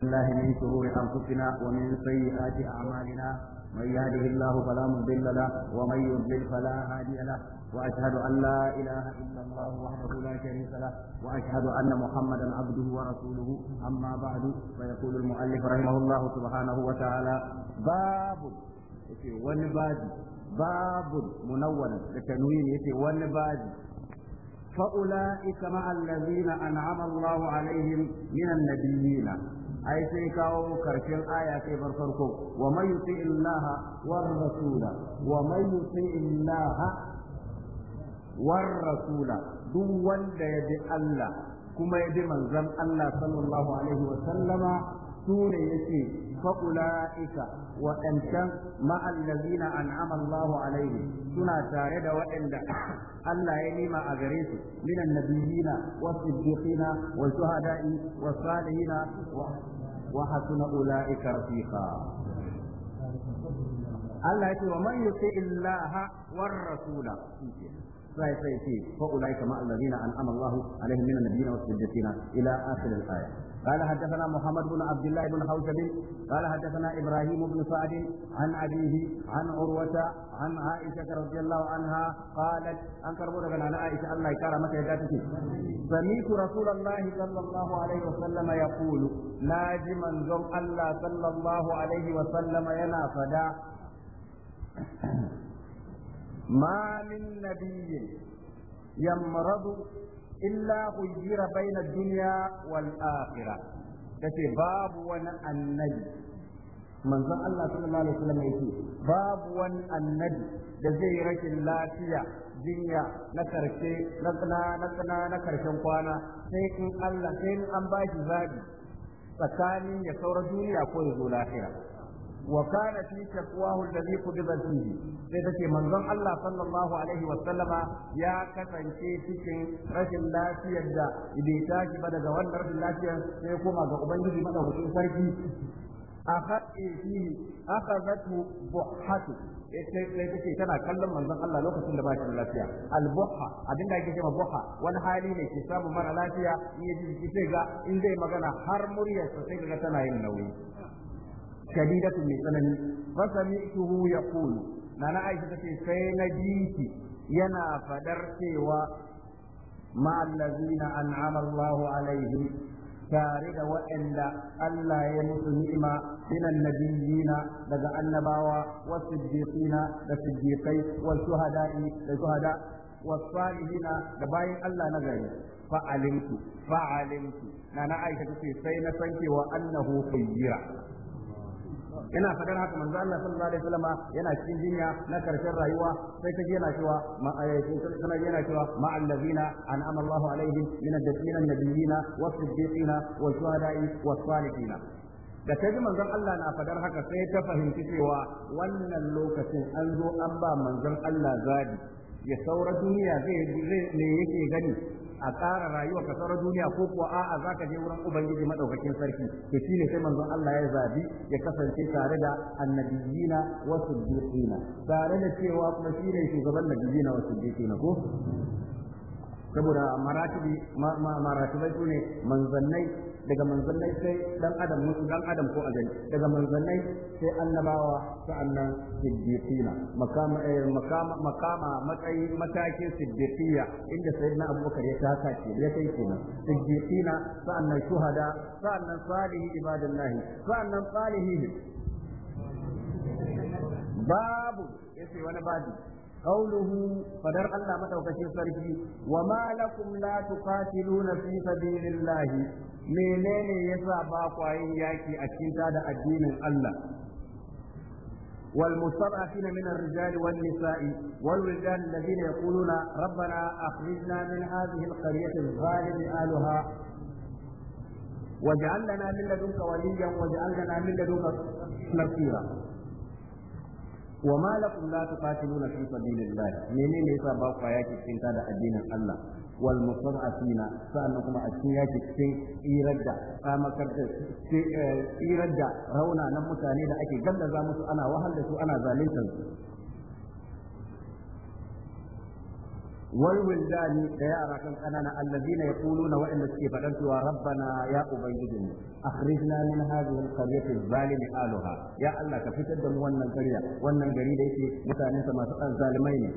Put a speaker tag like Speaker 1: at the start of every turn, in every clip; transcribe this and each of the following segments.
Speaker 1: الله من شرور أنفسنا ومن سيئات أعمالنا من يهده الله فلا مضل له ومن يضلل فلا هادي له وأشهد أن لا
Speaker 2: إله إلا الله
Speaker 1: وحده لا شريك له وأشهد أن محمدا عبده ورسوله أما بعد فيقول المؤلف رحمه الله سبحانه وتعالى باب ونباد باب منون التنوين يتي ونباد فأولئك مع الذين أنعم الله عليهم من النبيين ai sai kawo karshen aya sai bar farko wa man yuti illaha war rasula wa man yuti illaha war rasula duk wanda ya bi Allah kuma ya bi manzon Allah sallallahu alaihi wa sallama sune yace fa ulaika wa antan ma allazina an'ama Allahu alaihim suna tare da waɗanda Allah ya nima a gare su minan nabiyina wa siddiqina wa shuhada'i wa salihina wa Allah ya ce wa man sai sai ce fa ulaika ma allazina an'ama Allahu alaihim minan nabiyina wa siddiqina ila akhir al قال حدثنا محمد بن عبد الله بن حوشب قال حدثنا ابراهيم بن سعد عن ابيه عن عروه عن عائشه رضي الله عنها قالت ان كربونا عن عائشه الله يكرمك يا سمعت رسول الله صلى الله عليه وسلم يقول ناجي منظر الله صلى الله عليه وسلم ينا فدا ما من نبي يمرض illa hujjira baina dunya wal akhirah ce babu wani annabi manzon Allah sallallahu alaihi wasallam yake babu wani annabi da zai rashin lafiya jinya na karshe na tsana na karshen kwana sai in Allah sai in an bashi zabi tsakanin ya saura duniya ko ya zo lafiya wa kana fi taqwahu alladhi qubida fihi sai take manzon Allah sallallahu alaihi wa sallama ya kasance cikin rashin lafiyar da bai tashi ba daga wannan rashin lafiyar sai koma ga ubangiji madaukakin sarki akhadhi aka akhadhathu buhatu. Eh, sai take tana kallon manzon Allah lokacin da ba shi lafiya al-buha abinda ake cewa buha wani hali ne ke samu mara lafiya in ya sai ga in zai magana har muryarsa sai ga tana yin nauyi shadidatun mai tsanani fa sami'tuhu yaqulu nana na tace sai na ji yana fadar cewa ma allazina an'ama Allahu alaihim tare da waɗanda Allah ya musu ni'ima minan nabiyina daga annabawa was siddiqina da siddiqai wal shuhada'i da shuhada was da bayin Allah na gari fa alimtu fa alimtu nana sai na san cewa annahu khayyira yana fadar haka manzo Allah sallallahu alaihi wasallam yana cikin jinya na karshen rayuwa sai kaje yana cewa ma eh, ayatin kana yana cewa ma allazina an'ama Allahu alaihim min ad-dabbina an-nabiyina was-siddiqina was-shuhada'i was-salihina da ta ji manzon Allah na fadar haka sai ta fahimci cewa wannan lokacin an zo an ba manzon Allah zabi ya saura duniya zai ne yake gani a ƙara rayuwa ka tsara duniya ko kuwa a'a za ka je wurin ubangiji madaukakin sarki to ne sai manzon Allah ya zabi ya kasance tare da annabiyina wa siddiqina tare da cewa kuma ne shugaban nabiyina wa siddiqina ko saboda maratibi maratibai sune manzannai daga manzannai sai dan adam musu dan adam ko ajali daga manzannai sai annabawa sa'annan siddiqina makama eh, makama makama matsayi mataki, siddiqiya inda sayyidina abubakar ya taka ke ya kai kenan siddiqina sa'annan shuhada sa'annan salihi ibadillahi sa'annan salihin babu yace wani babu قوله فدر الله مدوكشي سركي وما لكم لا تقاتلون في سبيل الله menene yasa ba kwayin yaki a cikin da addinin Allah والمستضعفين من الرجال والنساء والولدان الذين يقولون ربنا أخرجنا من هذه القرية الظالم أهلها واجعل لنا من لدنك وليا واجعل لنا من لدنك نصيرا wa ma lakum la tuqatiluna fi sabilillah menene yasa ba ku yaki cikin ta da addinin Allah wal musarrafina sannan kuma a cikin yaki cikin tsirar da samakar da tsirar eh, rauna na mutane da ake gaddaza musu ana wahal da su ana zalunta su والولدان يا كان أننا الذين يقولون وإن استفدت ربنا يا أبيدنا أخرجنا من هذه القرية الظالم آلها يا الله كفتد وانا القرية وانا القرية يتي متانين سما الظالمين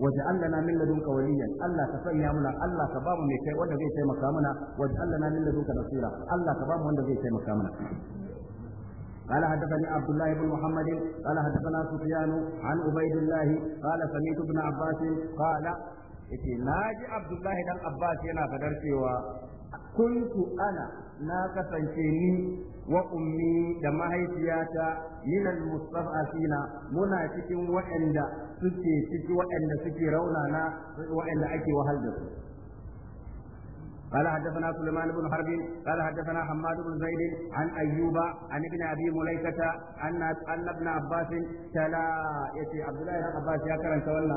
Speaker 1: واجعل لنا من لدنك وليا الله تسيا منا الله كباب ميكي وانا زي تيمكا منا واجعل لنا من لدنك نصيرا الله كباب وانا زي تيمكا منا قال حدثني عبد الله بن محمد قال حدثنا سفيان عن عبيد الله قال سميت ابن عباس قال yace na ji Abdullahi dan Abbas yana fadar cewa kuntu na kasance ni wa'ummi da mahaifiyata minal mustaf'afina muna cikin waɗanda suke ciki waɗanda suke raunana waɗanda ake wahal da su قال حدثنا سليمان بن حرب قال حدثنا حماد بن زيد عن ايوب عن ابن ابي مليكه ان ان ابن عباس تلا يتي عبد الله بن عباس يا كرنت ولا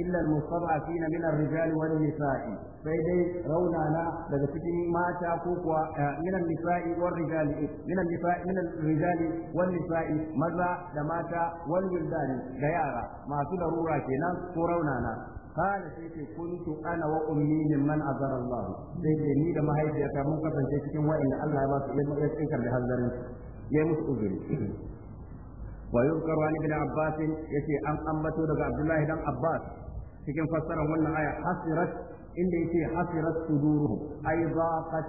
Speaker 1: الا المستضعفين من الرجال والنساء sai dai raunana daga cikin mata ko kuwa minan nisa'i wal rijali minan nisa'i minan maza da mata wal wildani da yara masu larura kenan ko raunana قال سيتي كنت انا وامي ممن عذر الله سيتي ني da mahaifiyata mun kasance cikin wa'anda Allah ya ba su ilmi ya tsinkar da hanzarin ya musu uzuri wa yunkar wani bin Abbas yace an ambato daga Abdullahi dan Abbas cikin fassarar wannan aya hasirat inda yace hasirat suduruhum ay daqat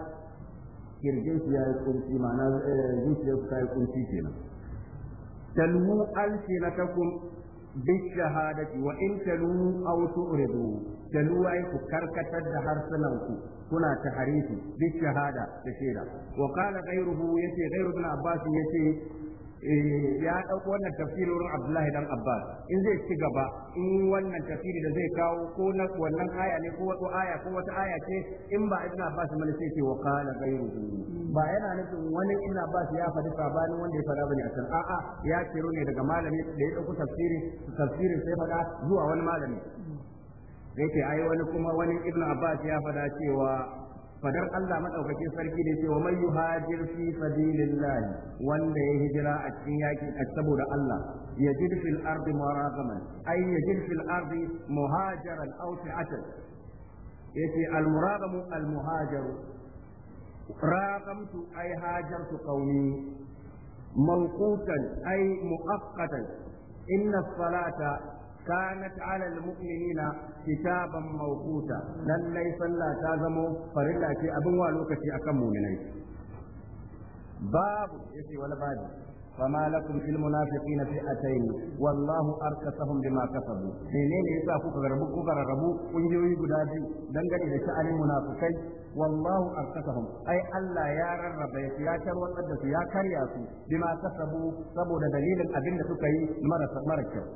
Speaker 1: kirjin su ya kunci ma'ana zuciyar su ta yi kunci kenan talmu alsinatakum بالشهادة وإن تلو أو تؤردوا تلو أي كركة الدهر سنوكو كنا تحريفي بالشهادة تشيرا وقال غيره يتي غير ابن عباس يتي Eh, ya ɗauko wannan tafsirin wurin Abdullahi dan Abbas in zai ci gaba in wannan tafsiri da zai kawo ko na wannan aya ne ko wata aya ko wata aya ce in ba Ibn Abbas mana sai ce wa qala ghayruhu ba yana nufin wani Ibn Abbas ya faɗi sabanin wanda ya faɗa bane a can a'a ya kiro ne daga malami da ya ɗauko tafsiri tafsirin sai faɗa zuwa wani malami ce ai wani kuma wani Ibn Abbas ya faɗa cewa fadar Allah madaukakin sarki da cewa man yuhajir fi sabilillah wanda ya hijira a cikin yaki saboda Allah yajid fil ardi muragaman ay yajid fil ardi muhajiran aw fi'atan yace al muragamu al muhajir ragamtu ay hajartu qaumi mawqutan كانت على المؤمنين كتابا موقوتا للي صلى تازمو فرلا في أبن والوكة أكم مؤمنين باب يسي ولا باب فما لكم في المنافقين فئتين والله اركسهم بما كسبوا منين يسا kuka garbu kuka rarrabu kungiyoyi guda biyu dangane da sha'anin munafikai wallahu arkasahum ai Allah ya rarrabe su ya tarwatsar ya karya su bima kasabu saboda dalilin abin da suka yi mara kyau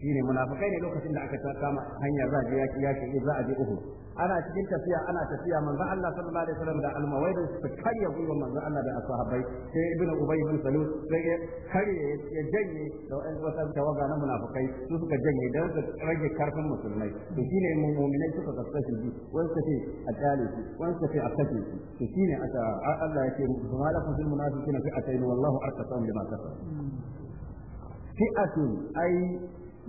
Speaker 1: shine munafikai ne lokacin da aka kama hanyar za a je yaki yaki za a je Uhud ana cikin tafiya ana tafiya manzo Allah sallallahu alaihi wasallam da almawaidu su karya gwiwa manzo Allah da ashabai sai ibnu ubay ibn salul sai ya karya ya janye da wa'an wata tawaga na munafikai su suka janye dan su rage karfin musulmai to shine mu'minai suka kaskace su wani suka ce a tsale su wani suka ce a kace su to shine aka Allah yake kuma la kusul munafiqina fi atainu wallahu arqasahum bima kasa. fi'atun ai.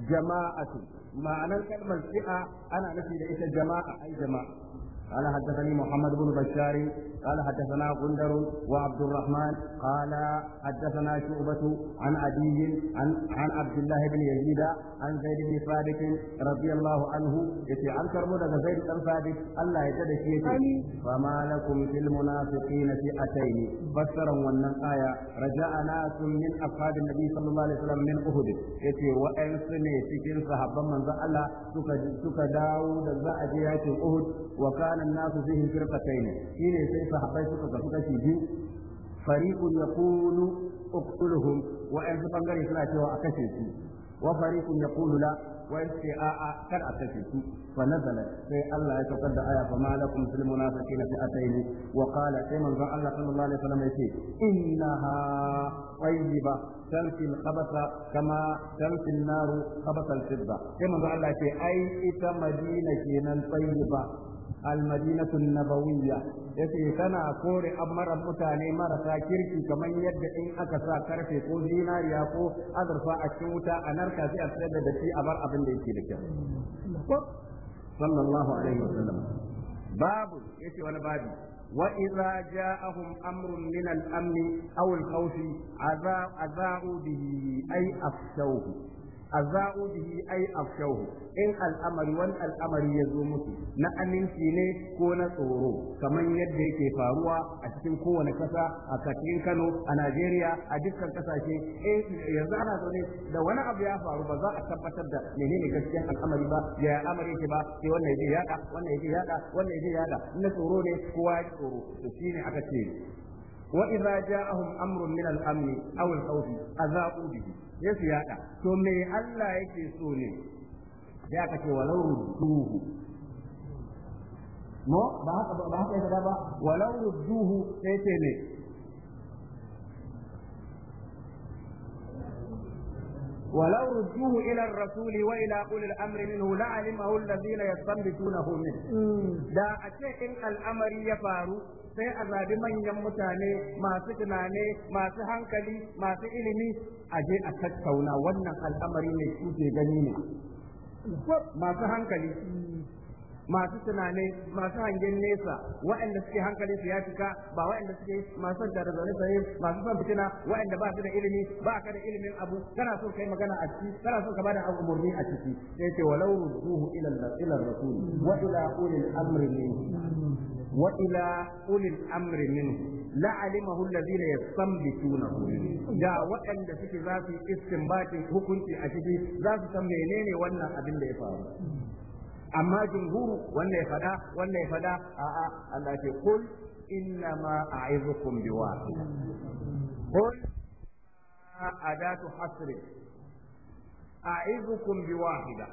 Speaker 1: jama'atu ma'anar kalmar fi'a ana nufi da ita jama'a ai jama'a قال حدثني محمد بن بشار قال حدثنا غندر وعبد الرحمن قال حدثنا شعبة عن عدي عن عن عبد الله بن يزيد عن زيد بن ثابت رضي الله عنه يتي عن كرمودة زيد بن ثابت الله يتدى فما لكم في المنافقين فئتين فسر ونن آية رجاء ناس من أصحاب النبي صلى الله عليه وسلم من أهد يتي وأن سنة سكين صحابا من ذا الله سكداو ذا أجيات أهد وكان kana nasu fihi firqatayn shine sai sahabbai suka kafu kashi biyu fariqun yaqulu uqtuluhum wa an bangare suna cewa a kashe su wa fariqun yaqulu la wa yace a a kar a kashe su fa nazala sai Allah ya saukar da aya fa malakum fil munafiqina fi'atayn wa qala sai manzo Allah sallallahu alaihi wasallam yace innaha tayyiba تلفي الخبث كما تلفي النار خبث الفضة كما قال الله أي إتا مدينة كينا طيبة المدينة النبوية yace tana kore amaran mutane marasa kirki kamar yadda in aka sa karfe ko zinariya ko azurfa a cikin wuta a narka sai a tsayar da dafi a bar abin da yake da kyau sallallahu alaihi wasallam babu yace wani babu وإذا جاءهم أمر من الأمن أو الخوف أذاعوا به أي أفشوه azau bihi ay afshahu in al'amari wani al'amari ya zo musu na aminci ne ko na tsoro kamar yadda yake faruwa a cikin kowane kasa a cikin Kano a Najeriya a dukkan kasashe eh yanzu ana ne, da wani abu ya faru ba za a tabbatar da menene gaskiyan al'amari ba ya al'amari ke ba sai wannan yaje yada wannan yaje yada wannan yaje yada na tsoro ne kowa ya tsoro to shine aka ce wa idza ja'ahum amrun min al-amni aw al-khawfi azaa'u bihi Yesu ya yada to me Allah yake so ne ya ka ce walau rudduhu mo ba haka ba haka ba walau rudduhu sai ce ne ولو رجوه إلى الرسول وإلى أولي الأمر منه لعلمه الذين يستنبطونه منه دا أشيء الأمر يفارو sai a zabi manyan mutane masu tunani, masu hankali masu ilimi a je a tattauna wannan al'amari ne kuke gani ne masu hankali masu tunani masu hangen nesa waɗanda suke hankali su ya cika, ba waɗanda suke masu son tare zaune tsaye masu son fitina waɗanda ba su da ilimi ba ka da ilimin abu kana so kai magana a ciki kana so ka bada abu umurni a ciki sai ce walau ruduhu ila ila rasul wa ila ulil amri minhu wa ila ulil amri minhu la alimahu alladhina yastanbitunahu da waɗanda suke za su yi istinbatin hukunci a ciki za su san menene wannan abin da ya faru amma jumhuru wannan ya fada wannan ya fada a'a Allah ce kul inna ma a'izukum biwahid kul adatu hasri a'izukum biwahida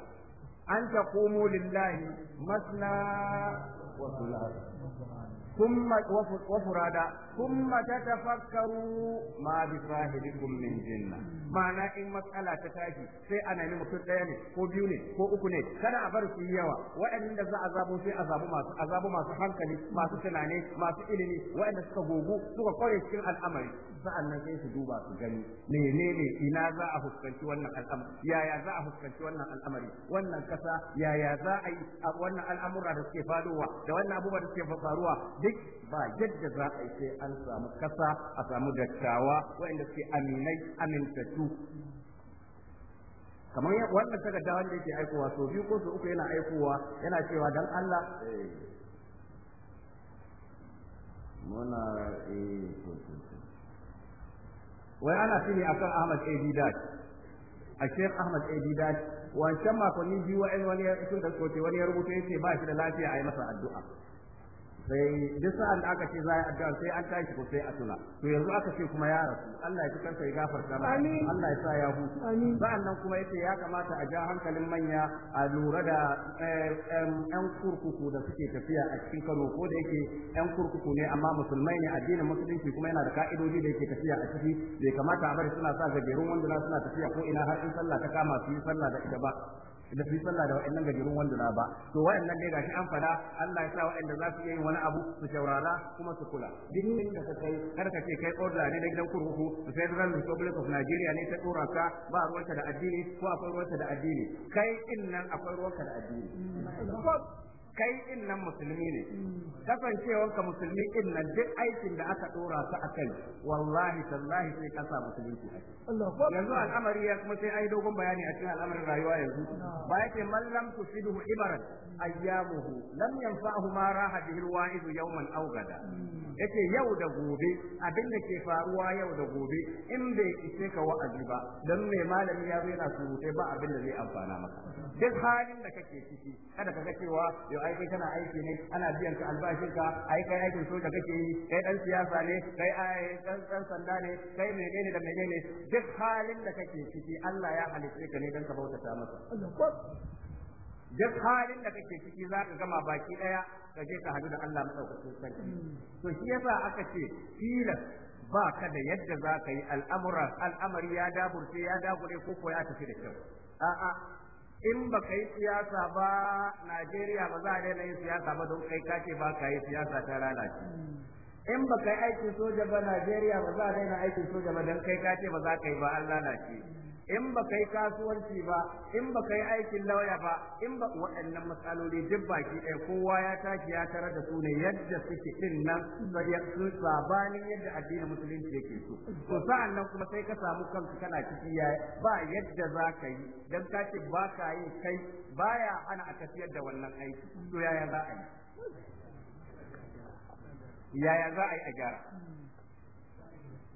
Speaker 1: an taqumu lillahi masna wa thulatha ثم وفرادا ثم تتفكروا ما بصاحبكم من جنة معنى إن مسألة تتاجي sai ana yi mutum ɗaya ne ko biyu ne ko uku ne kada a bar su yawa waɗanda za a zabo sai azabu masu azabu masu hankali masu tunani masu ilimi waɗanda suka gogu suka kware cikin al'amari nan sai su duba su gani menene ina za a fuskanci wannan al'amari yaya za a fuskanci wannan al'amari wannan kasa yaya za a yi wannan al'amura da suke faruwa da wannan abubuwa da suke faruwa duk ba yadda za a yi sai an samu kasa a samu dattawa waɗanda suke aminai amintattu kamar wannan takarda wanda yake aikowa so biyu ko so uku yana aikowa yana cewa dan Allah eh, muna eh wai ana shi ne akan Ahmad A. Didat a Sheikh Ahmad A. Didat wancan makonni biyu wa'in wani ya sun da wani ya rubuta yace ba shi da lafiya a yi masa addu'a sai duk sa'an da aka ce za a yi addu'a sai an tashi ko sai a tuna to yanzu aka ce kuma ya rasu Allah ya ji kansa ya gafarta Allah ya sa ya hutu sa'an nan kuma yace ya kamata a ja hankalin manya a lura da eh, yan kurkuku da suke tafiya a cikin Kano ko da yake yan kurkuku ne amma musulmai ne addinin musulunci kuma yana da ka'idoji da yake tafiya a ciki bai kamata a bari suna sa gajerun wanda suna tafiya ko ina har in sallah ta kama su yi sallah da ita ba da su yi sallah da wa'annan gajerun wanduna ba to wa'annan dai gashi an fada Allah ya sa wa'anda za su yi wani abu su shaurara kuma su kula duk da ka kai kar ka ce kai order ne da gidan kurkuku the Federal Republic of Nigeria ne ta dora ka ba ruwanka da addini ko akwai ruwanka da addini kai din nan akwai ruwanka da addini kai din nan musulmi ne kasancewar ka musulmi din nan duk aikin da aka dora su a kai wallahi tallahi sai ka sa musulunci a yanzu al'amari ya kuma sai ai dogon bayani a cikin al'amarin rayuwa yanzu ba yake mallam tusiduhu ibarat ayyamuhu lam yanfa'hu ma raha bihi alwa'idu yawman aw gada hmm. Yake yau da gobe abin da ke faruwa yau da gobe in bai ise ka wa'azi ba dan mai malami ya zo yana surutai ba abin da zai amfana maka duk halin da kake ciki kada ka ga cewa yau ai kai kana aiki ne ana biyan ka albashin ka ai kai aikin soja kake yi kai dan siyasa ne kai ai dan dan sanda ne kai menene da menene duk halin da kake ciki Allah ya halitta ka ne dan ka bautata masa duk halin da kake ciki za ka gama baki daya ka je ka hadu da Allah madaukakin sarki hmm. to shi yasa aka ce tilas ba ka da yadda za ka yi al'amura al'amari ya daburce ya dagure ko ko ya tafi da kyau a'a in ba ka yi siyasa ba Najeriya ba za a daina yin siyasa ba don kai kace ba ka yi siyasa ta lalace in ba ka yi aikin soja ba Najeriya ba za a daina aikin soja ba don kai kace ba za ka yi ba an lalace in ba kai kasuwanci ba in ba kai aikin lauya ba in ba waɗannan matsaloli duk baki ɗaya kowa ya tashi ya tarar da su ne yadda suke din nan sabanin yadda addinin musulunci yake so to sa'an nan kuma sai ka samu kanka kana ciki ya ba yadda za ka yi don ka ce ba ka yi kai baya hana a tafiyar da wannan aiki to yaya za a yi yaya za a yi a gyara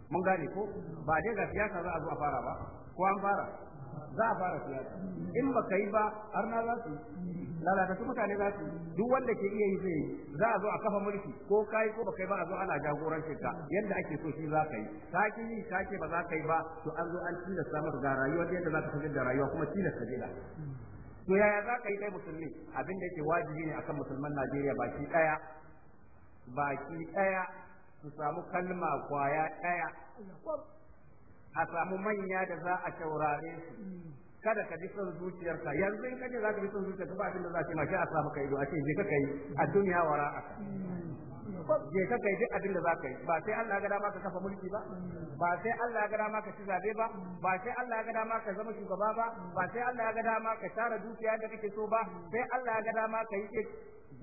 Speaker 1: mun gane ko ba dai ga siyasa za a zo a fara ba ko an fara za a fara siyasa in ba ka yi ba har na za su lalatattu mutane za su duk wanda ke iya yi zai yi za a zo a kafa mulki ko ka yi ko ba kai ba a zo ana jagorancin ka yadda ake so shi za ka yi ka ki yi ka ke ba za ka yi ba to an zo an tilasta maka ga rayuwa yadda za ka tafi da rayuwa kuma tilasta gida to yaya za ka yi kai musulmi abin da yake wajibi ne akan musulman Najeriya baki daya baki daya su samu kalma kwaya daya a samu manya da za a taurare su kada ka ji son zuciyarka yanzu in kaje za ka ji son zuciyarka ba abin da za ka yi ma a samu kai a ce je ka kai a duniya wara
Speaker 2: aka
Speaker 1: je ka kai duk abin da za ka yi ba sai Allah ya ga dama ka kafa mulki ba ba sai Allah ya ga dama ka ci zabe ba ba sai Allah ya ga dama ka zama shugaba ba ba sai Allah ya ga dama ka tara dukiya da kake so ba sai Allah ya ga dama ka yi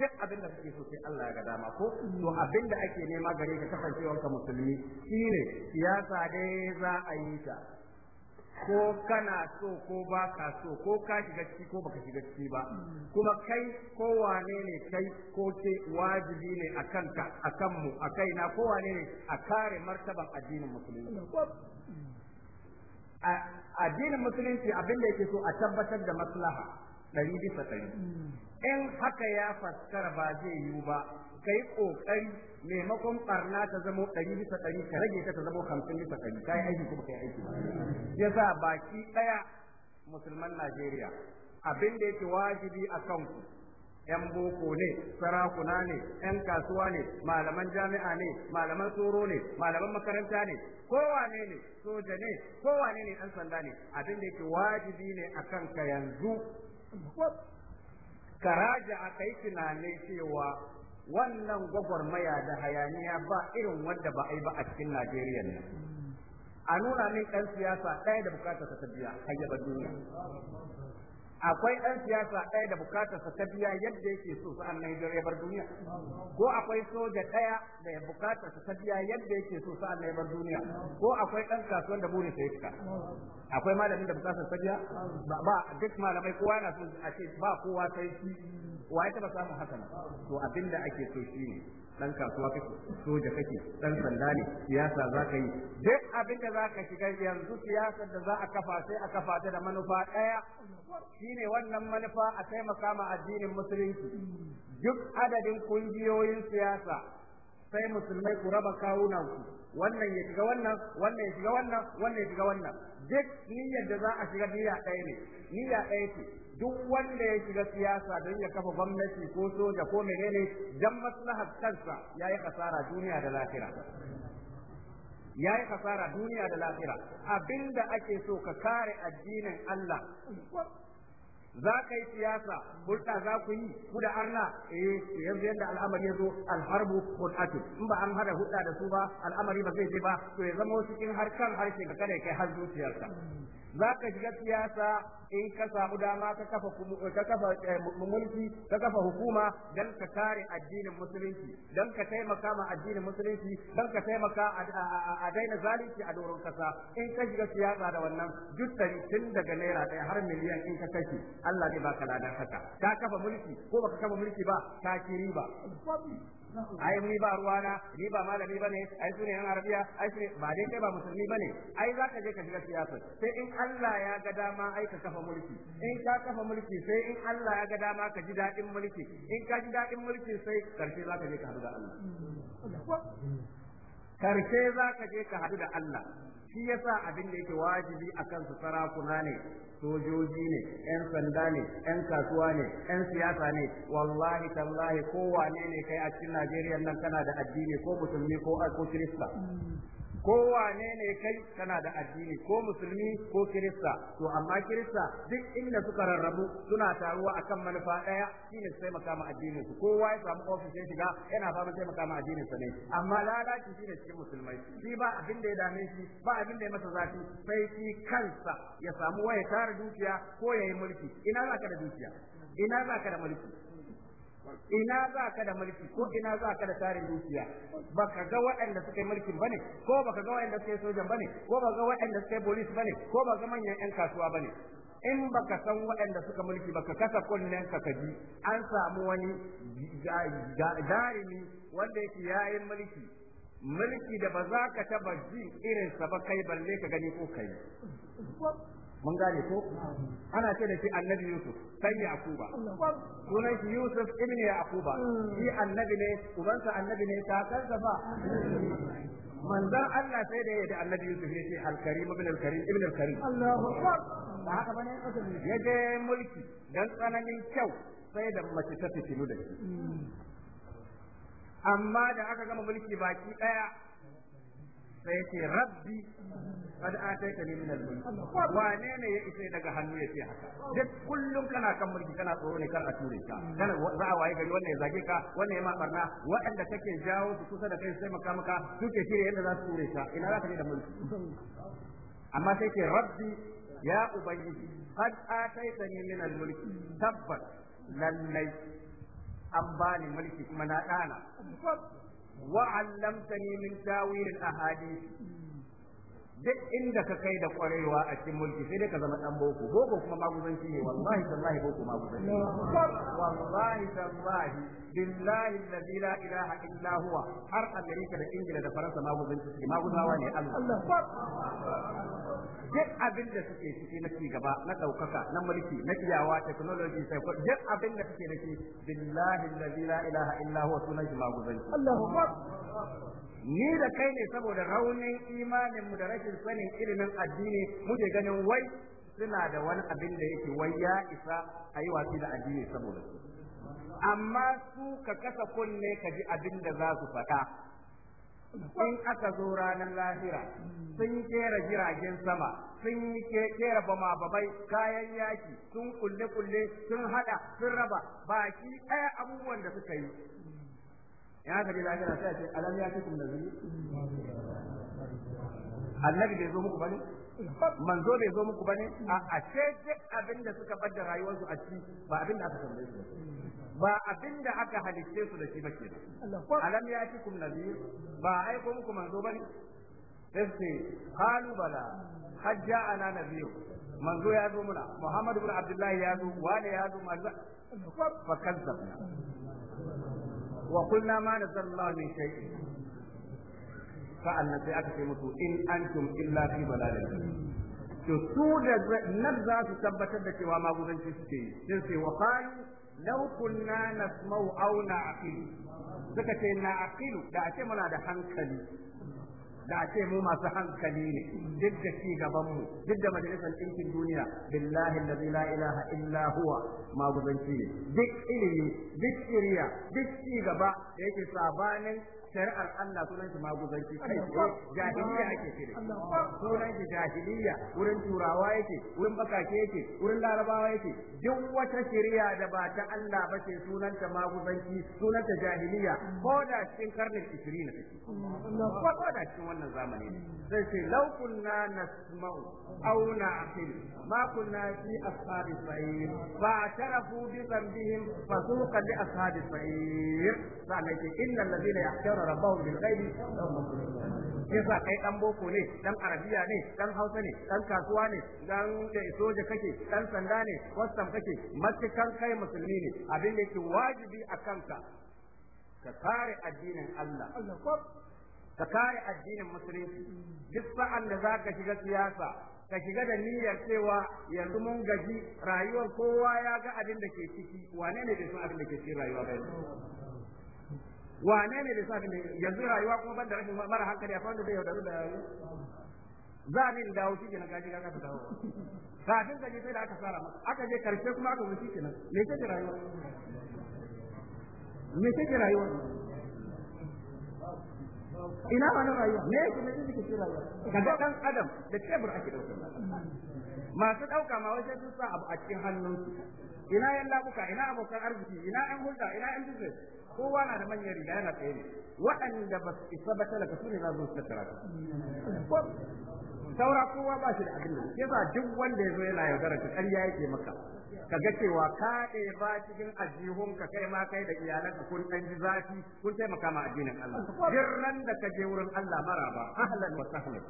Speaker 1: duk abin da kake so sai Allah ya ga dama ko to abin da ake nema gare ka kasancewar ka musulmi shine siyasa dai za a yi ta ko kana so ko ba ka so ko ka shiga ciki ko baka shiga ciki ba kuma kai ko wane ne kai ko ce wajibi ne a kanka a kanmu a kaina ko wane ne a kare martaban addinin musulmi addinin musulunci abinda da yake so a tabbatar da maslaha ɗari bisa ɗari in haka ya faskara ba zai yiwu ba kai ƙoƙari maimakon ɓarna ta zamo ɗari bisa ɗari ka rage ta ta zamo hamsin bisa ɗari ka yi aiki kuma ka yi aiki ya sa baki ɗaya musulman najeriya abin da yake wajibi a kanku ‘yan boko ne, sarakuna ne, ‘yan kasuwa ne, malaman jami'a ne, malaman tsoro ne, malaman makaranta ne, kowane ne, soja ne, kowane ne ɗan sanda ne, abin da yake wajibi ne a kanka yanzu ka a kai tunanin cewa wannan gwagwarmaya da hayaniya ba irin wanda ba a yi ba a cikin Najeriya ne a nuna min ɗan siyasa ɗaya da bukatar ta biya hayyabar duniya akwai ɗan siyasa ɗaya da bukatar sa ta biya yadda yake so sa'an nan ya bar duniya ko akwai soja ɗaya da bukatar sa ta biya yadda yake so sa'an nan ya duniya ko akwai ɗan kasuwan da burin sa ya fita akwai malamin da bukatar sa biya ba duk malamai kowa yana so a ce ba kowa sai shi wa ya taba samun hakan to abinda ake so shine dan kasuwa kake soja kake dan sanda ne siyasa za ka yi duk abin da za ka shiga yanzu siyasar da za a kafa sai a kafa ta da manufa ɗaya shine wannan manufa a taimaka ma addinin musulunci duk adadin kungiyoyin siyasa sai musulmai ku raba kawunan ku wannan ya shiga wannan wannan ya shiga wannan wannan ya shiga wannan duk niyyar da za a shiga niyya ɗaya ne niyya ɗaya ce duk wanda ya shiga siyasa don ya kafa gwamnati ko soja ko menene dan maslahar kansa yi kasara duniya da lafira, ya yi kasara duniya da lafira, abinda ake so ka kare addinin Allah za ka yi siyasa hulɗa za ku yi ku da arna eh yanzu yadda al'amari ya zo alharbu hulɗatu in ba an hada hulɗa da su ba al'amari ba zai je ba to ya zama wasu cikin harkar harshe ka kada kai har zuciyarka za ka shiga siyasa in ka samu dama ka kafa eh, mulki ka kafa hukuma don ka kare addinin musulunci don ka taimaka ma addinin musulunci don ka taimaka a daina zalunci a doron kasa in ka shiga siyasa da wannan duk tun daga naira ɗaya har miliyan in ka kashe Allah ne ba ka ladan haka ka kafa mulki ko ba ka kafa mulki ba ka ki riba ai ni ba ruwana ni ba malami bane ai sune yan arabiya ai sune ba dai kai ba musulmi bane ai zaka je ka shiga siyasa sai in Allah ya ga dama ai ka kafa mulki in ka kafa mulki sai in Allah ya ga dama ka ji dadin mulki in ka ji dadin mulki sai karshe zaka je ka hadu da Allah mm. karshe zaka je ka hadu da Allah shi yasa abin da yake wajibi akan su sarakuna ne sojoji ne yan sanda ne yan kasuwa ne yan siyasa ne wallahi tallahi kowane ne kai a cikin Najeriya nan kana da addini ko musulmi ko ko kirista mm. Ko wane ne kai kana da addini ko musulmi ko kirista to amma kirista duk inda suka rarrabu suna taruwa akan manufa daya shine su taimaka ma addinin su kowa ya samu ya shiga yana fama taimaka ma addinin sa ne amma lalaci shine cikin musulmai shi ba abin da ya dame shi ba abin da ya masa zafi sai shi kansa ya samu waya tara dukiya ko yayi mulki ina zaka da dukiya ina zaka da mulki ina za ka da mulki ko ina za ka da tarin dukiya ka ga waɗanda suka yi mulkin bane ko ba ka ga waɗanda suka yi sojan bane ko ka ga waɗanda suka yi police bane ko ka ga manyan ƴan kasuwa bane in ba ka san waɗanda suka mulki ba ka kasa kunnen ka kaji an samu wani jarumi wanda yake yayin mulki mulki da ba za ka taba ji irinsa ba kai balle ka gani ko kai mun gane ko ana ce da shi annabi yusuf sai yaquba sunan shi yusuf ibn yaquba shi annabi ne ubansa annabi ne kansa fa manzon Allah sai da yadda annabi yusuf ne shi alkarim ibn alkarim ibn alkarim Allahu akbar ba haka bane ya je mulki dan tsananin kyau sai da mace ta fitilu da shi amma da aka gama mulki baki daya sai ce rabbi kad ataita ni min al-mulk wane ne ya isa daga hannu ya ce haka duk kullum kana kan mulki kana tsoro ne kar a ture ka kana za a waye gari wannan ya zage ka wannan ya ma barna waɗanda kake jawo su kusa da kai sai maka maka suke shirye yadda za su ture ka ina za ka da mulki amma sai ce rabbi ya ubangiji kad ataita ni min al mulki, tabbas lallai an bani mulki kuma na dana وعلمتني من تاويل الاحاديث duk inda ka kai da kwarewa a cikin mulki sai dai ka zama dan boko boko kuma maguzanci ne wallahi tallahi boko maguzanci wallahi tallahi billahi alladhi la ilaha illa huwa har Amerika da Ingila da Faransa magudin su magudawa ne Allah duk abin da suke ciki na gaba na ɗaukaka na mulki na iyawa technology sai ko duk abin da suke nake billahi alladhi la ilaha illa huwa sunan shi magudin Allahu ni da kai ne saboda raunin imanin mu da rashin sanin ilimin addini muke ganin wai suna da wani abin da yake wai ya isa a yi watsi da addini saboda su amma su ka kasa kunne ka ji abin da za su faɗa in aka zo ranar lahira sun kera jiragen sama sun yi kera bama babai kayan yaki sun kulle kulle sun hada sun raba baki ɗaya abubuwan da suka yi ya ka ji lahira sai ce alam ya fi kuma da annabi bai zo muku ba ne? manzo bai zo muku bane a a ce duk abin da suka bada rayuwarsu a ci ba abin da aka tambaye su ba abin da aka halicce su da shi ba kenan alam ya ci yatikum nadir ba aiko muku manzo bane sai halu bala hajja ana nadir manzo ya zo muna Muhammadu ibn abdullahi ya zo wani ya zo manzo fa kazzabna wa qulna ma nazzalallahu min shay'in sa'annan sai aka ce musu in antum illa fi balalin to su da nan za su tabbatar da cewa magudanci suke yi sun ce wa qalu law kunna nasma'u aw na'qilu suka ce na'qilu da ake muna da hankali da ce mu masu hankali ne duk da ci gaban mu duk da majalisar ɗinkin duniya billahi allazi la ilaha illa huwa ne duk ilimi duk shiriya duk ci gaba da yake sabanin shari'ar Allah sunan shi maguzanci kai jahiliya ake ce sunan shi jahiliya wurin turawa yake wurin bakake yake wurin larabawa yake duk wata shari'a da ba ta Allah ba ce sunan ta maguzanci sunan ta jahiliya ko da cikin karnin 20 take ko da cikin wannan zamani ne sai ce law kunna nasma'u aw na'qil ma kunna fi ashabi sa'ir fa tarafu bi dhanbihim fa suqa li ashabi
Speaker 2: sa'ir
Speaker 1: sai ce innal ladina yahtara rabbahum bil ghaibi yasa kai dan boko ne dan arabiya ne dan hausa ne dan kasuwa ne dan soja kake dan sanda ne wasan kake matukan kai musulmi ne abin da yake wajibi a kanka ka kare addinin Allah ka kare addinin musulunci duk sa'an da zaka shiga siyasa ka shiga da niyyar cewa yanzu mun gaji rayuwar kowa ya ga abin da ke ciki wane ne da su abin da ke cikin rayuwa ba wane ne lissafin da yanzu rayuwa kuma ban da rashin mara hankali a da ya yaudaru da rayu za ni dawo shi kenan gaji ga ka dawo kafin ka je sai da aka fara aka je karshe kuma aka wuce kenan me ke rayuwa
Speaker 2: me ke rayuwa ina wani rayuwa me yake ne kike
Speaker 1: ke rayuwa ga dan adam da tebur ake dauka masu dauka ma wajen sun sa abu a cikin hannunsu ina yan labuka ina abokan arziki ina yan hulɗa ina yan business kowa na da manyan riga yana tsaye ne waɗanda ba su isa ba talaka su ne za su tattara saura kowa ba shi da abin da ba duk wanda ya zo yana yaudara ka ƙarya yake maka ka ga cewa ka ba cikin ajihun ka kai ma kai da iyalanka kun ɗan zafi kun taimaka ma addinin Allah duk da ka je wurin Allah maraba ahlan wa sahlan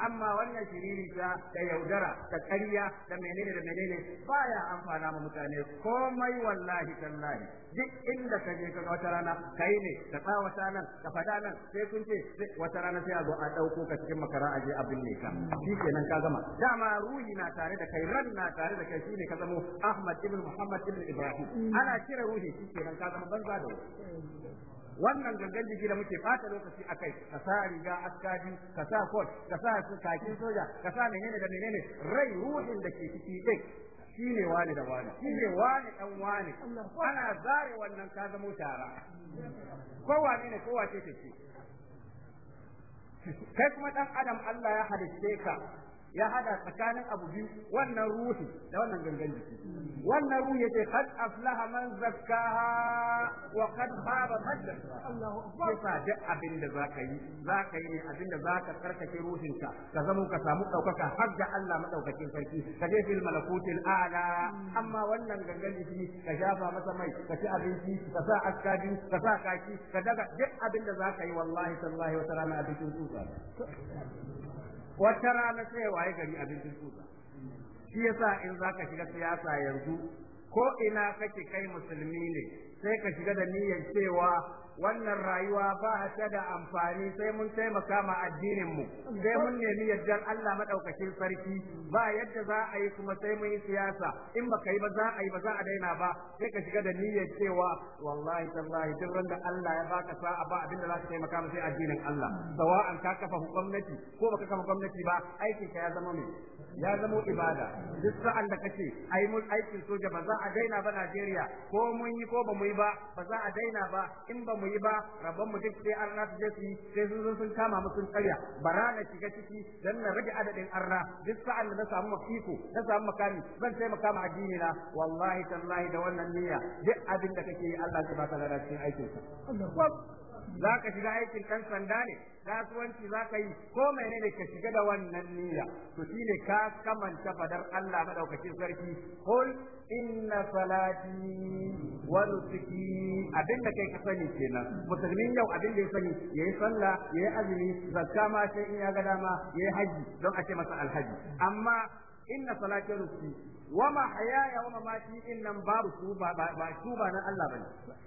Speaker 1: amma wannan shiriri ta da yaudara da ƙarya da menene da menene baya amfana ma mutane komai wallahi tallahi duk inda ka je ka wata rana kai ne ka wata nan ka fada nan sai kun ce wata rana sai a zo a ɗauko ka cikin makara a je abin ne ka shi kenan ka gama dama ruhi na tare da kai ran na tare da kai shi ne ka zamo Ahmad ibn Muhammad ibn Ibrahim ana kira ruhi shi kenan ka zama banza da wannan gangan jiki da muke fata lokaci a kai ka sa riga askari ka sa kot ka sa kakin soja ka sa menene da menene rai ruhin da ke ciki din shi ne wani da wani shi ne wani dan wani ana zare wannan ka zamo tara kowa ne kowa ce ce kai kuma dan adam Allah ya halicce ka ya hada tsakanin abu biyu wannan ruhi da wannan gangan jiki wannan ruhi yace qad aflaha man zakkaha wa qad khaba man dassaha
Speaker 2: Allahu akbar yasa
Speaker 1: duk abin da zaka yi zaka yi ne abin da zaka karkace ruhinka ka zama ka samu daukaka har da Allah madaukakin sarki ka je fil malakutil a'la hmm. amma wannan gangan jiki ka shafa masa mai ka ci abinci ka sa askadi ka sa kaki ka daga duk abin da zaka yi wallahi wata wa tarana abikin tsutsa wata rana sai waye gari abincin tsutsa shi yasa in zaka shiga siyasa yanzu ko ina kake kai musulmi ne sai ka shiga da niyyar cewa wannan rayuwa ba ta da amfani sai mun taimaka ma addinin mu sai mun nemi yaddan Allah madaukakin sarki ba yadda za a yi kuma sai mun yi siyasa in baka yi ba za a yi ba za a daina ba sai ka shiga da niyyar cewa wallahi tallahi duk randa Allah ya baka sa'a ba abinda za ka taimaka ma sai addinin Allah sawa'an ka kafa gwamnati ko baka kafa gwamnati ba aikin ka ya zama mai ya zamo ibada duk sa'an da kace ai mun aikin soja ba za a daina ba Najeriya ko mun yi ko ba mu yi ba ba za a daina ba in ba mu yi ba rabban mu duk sai arna su je su yi sai sun sun kama mu sun tsaya bara na shiga ciki dan na rage adadin arna duk sa'an da na samu mafiko na samu makami zan sai makama addini na wallahi tallahi da wannan niyya duk abin da kake yi Allah zai baka lada cikin Allah za ka shiga aikin ɗan sanda ne kasuwanci za ka yi ko mene ne ka shiga da wannan niyya to shi ne ka kamanta fadar Allah ɗaukacin sarki kul inna salati wa nusuki abinda kai ka sani kenan musulmin yau abin da ya sani yayi sallah yayi azumi zakka ma sai in ya ga dama yayi haji don a ce masa alhaji amma inna salati wa nusuki wa mahayaya wa mamati innan babu su ba ba su ba na Allah bane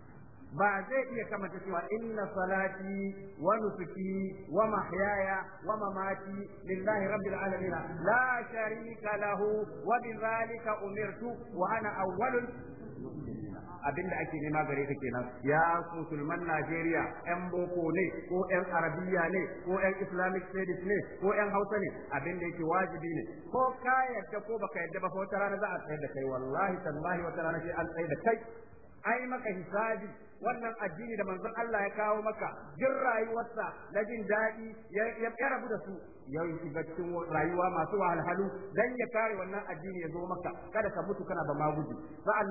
Speaker 1: ba zai iya kamata cewa inna salati wa nusuki wa mahyaya wa mamati lillahi rabbil alamin la sharika lahu wa bidhalika umirtu wa ana awwalul abin ake nema gare ka kenan ya musulman Najeriya yan boko ne ko ƴan arabiya ne ko ƴan islamic studies ne ko ƴan hausa ne Abinda yake wajibi ne ko ka yarda ko baka yarda ba wata rana za a da kai wallahi tallahi wata rana sai an tsaye da kai ai maka hisabi wannan addini da manzon Allah ya kawo maka jin rayuwarsa na jin daɗi ya rabu da su ya shiga cikin rayuwa masu wahalhalu dan ya kare wannan addini ya zo maka kada ka mutu kana ba maguji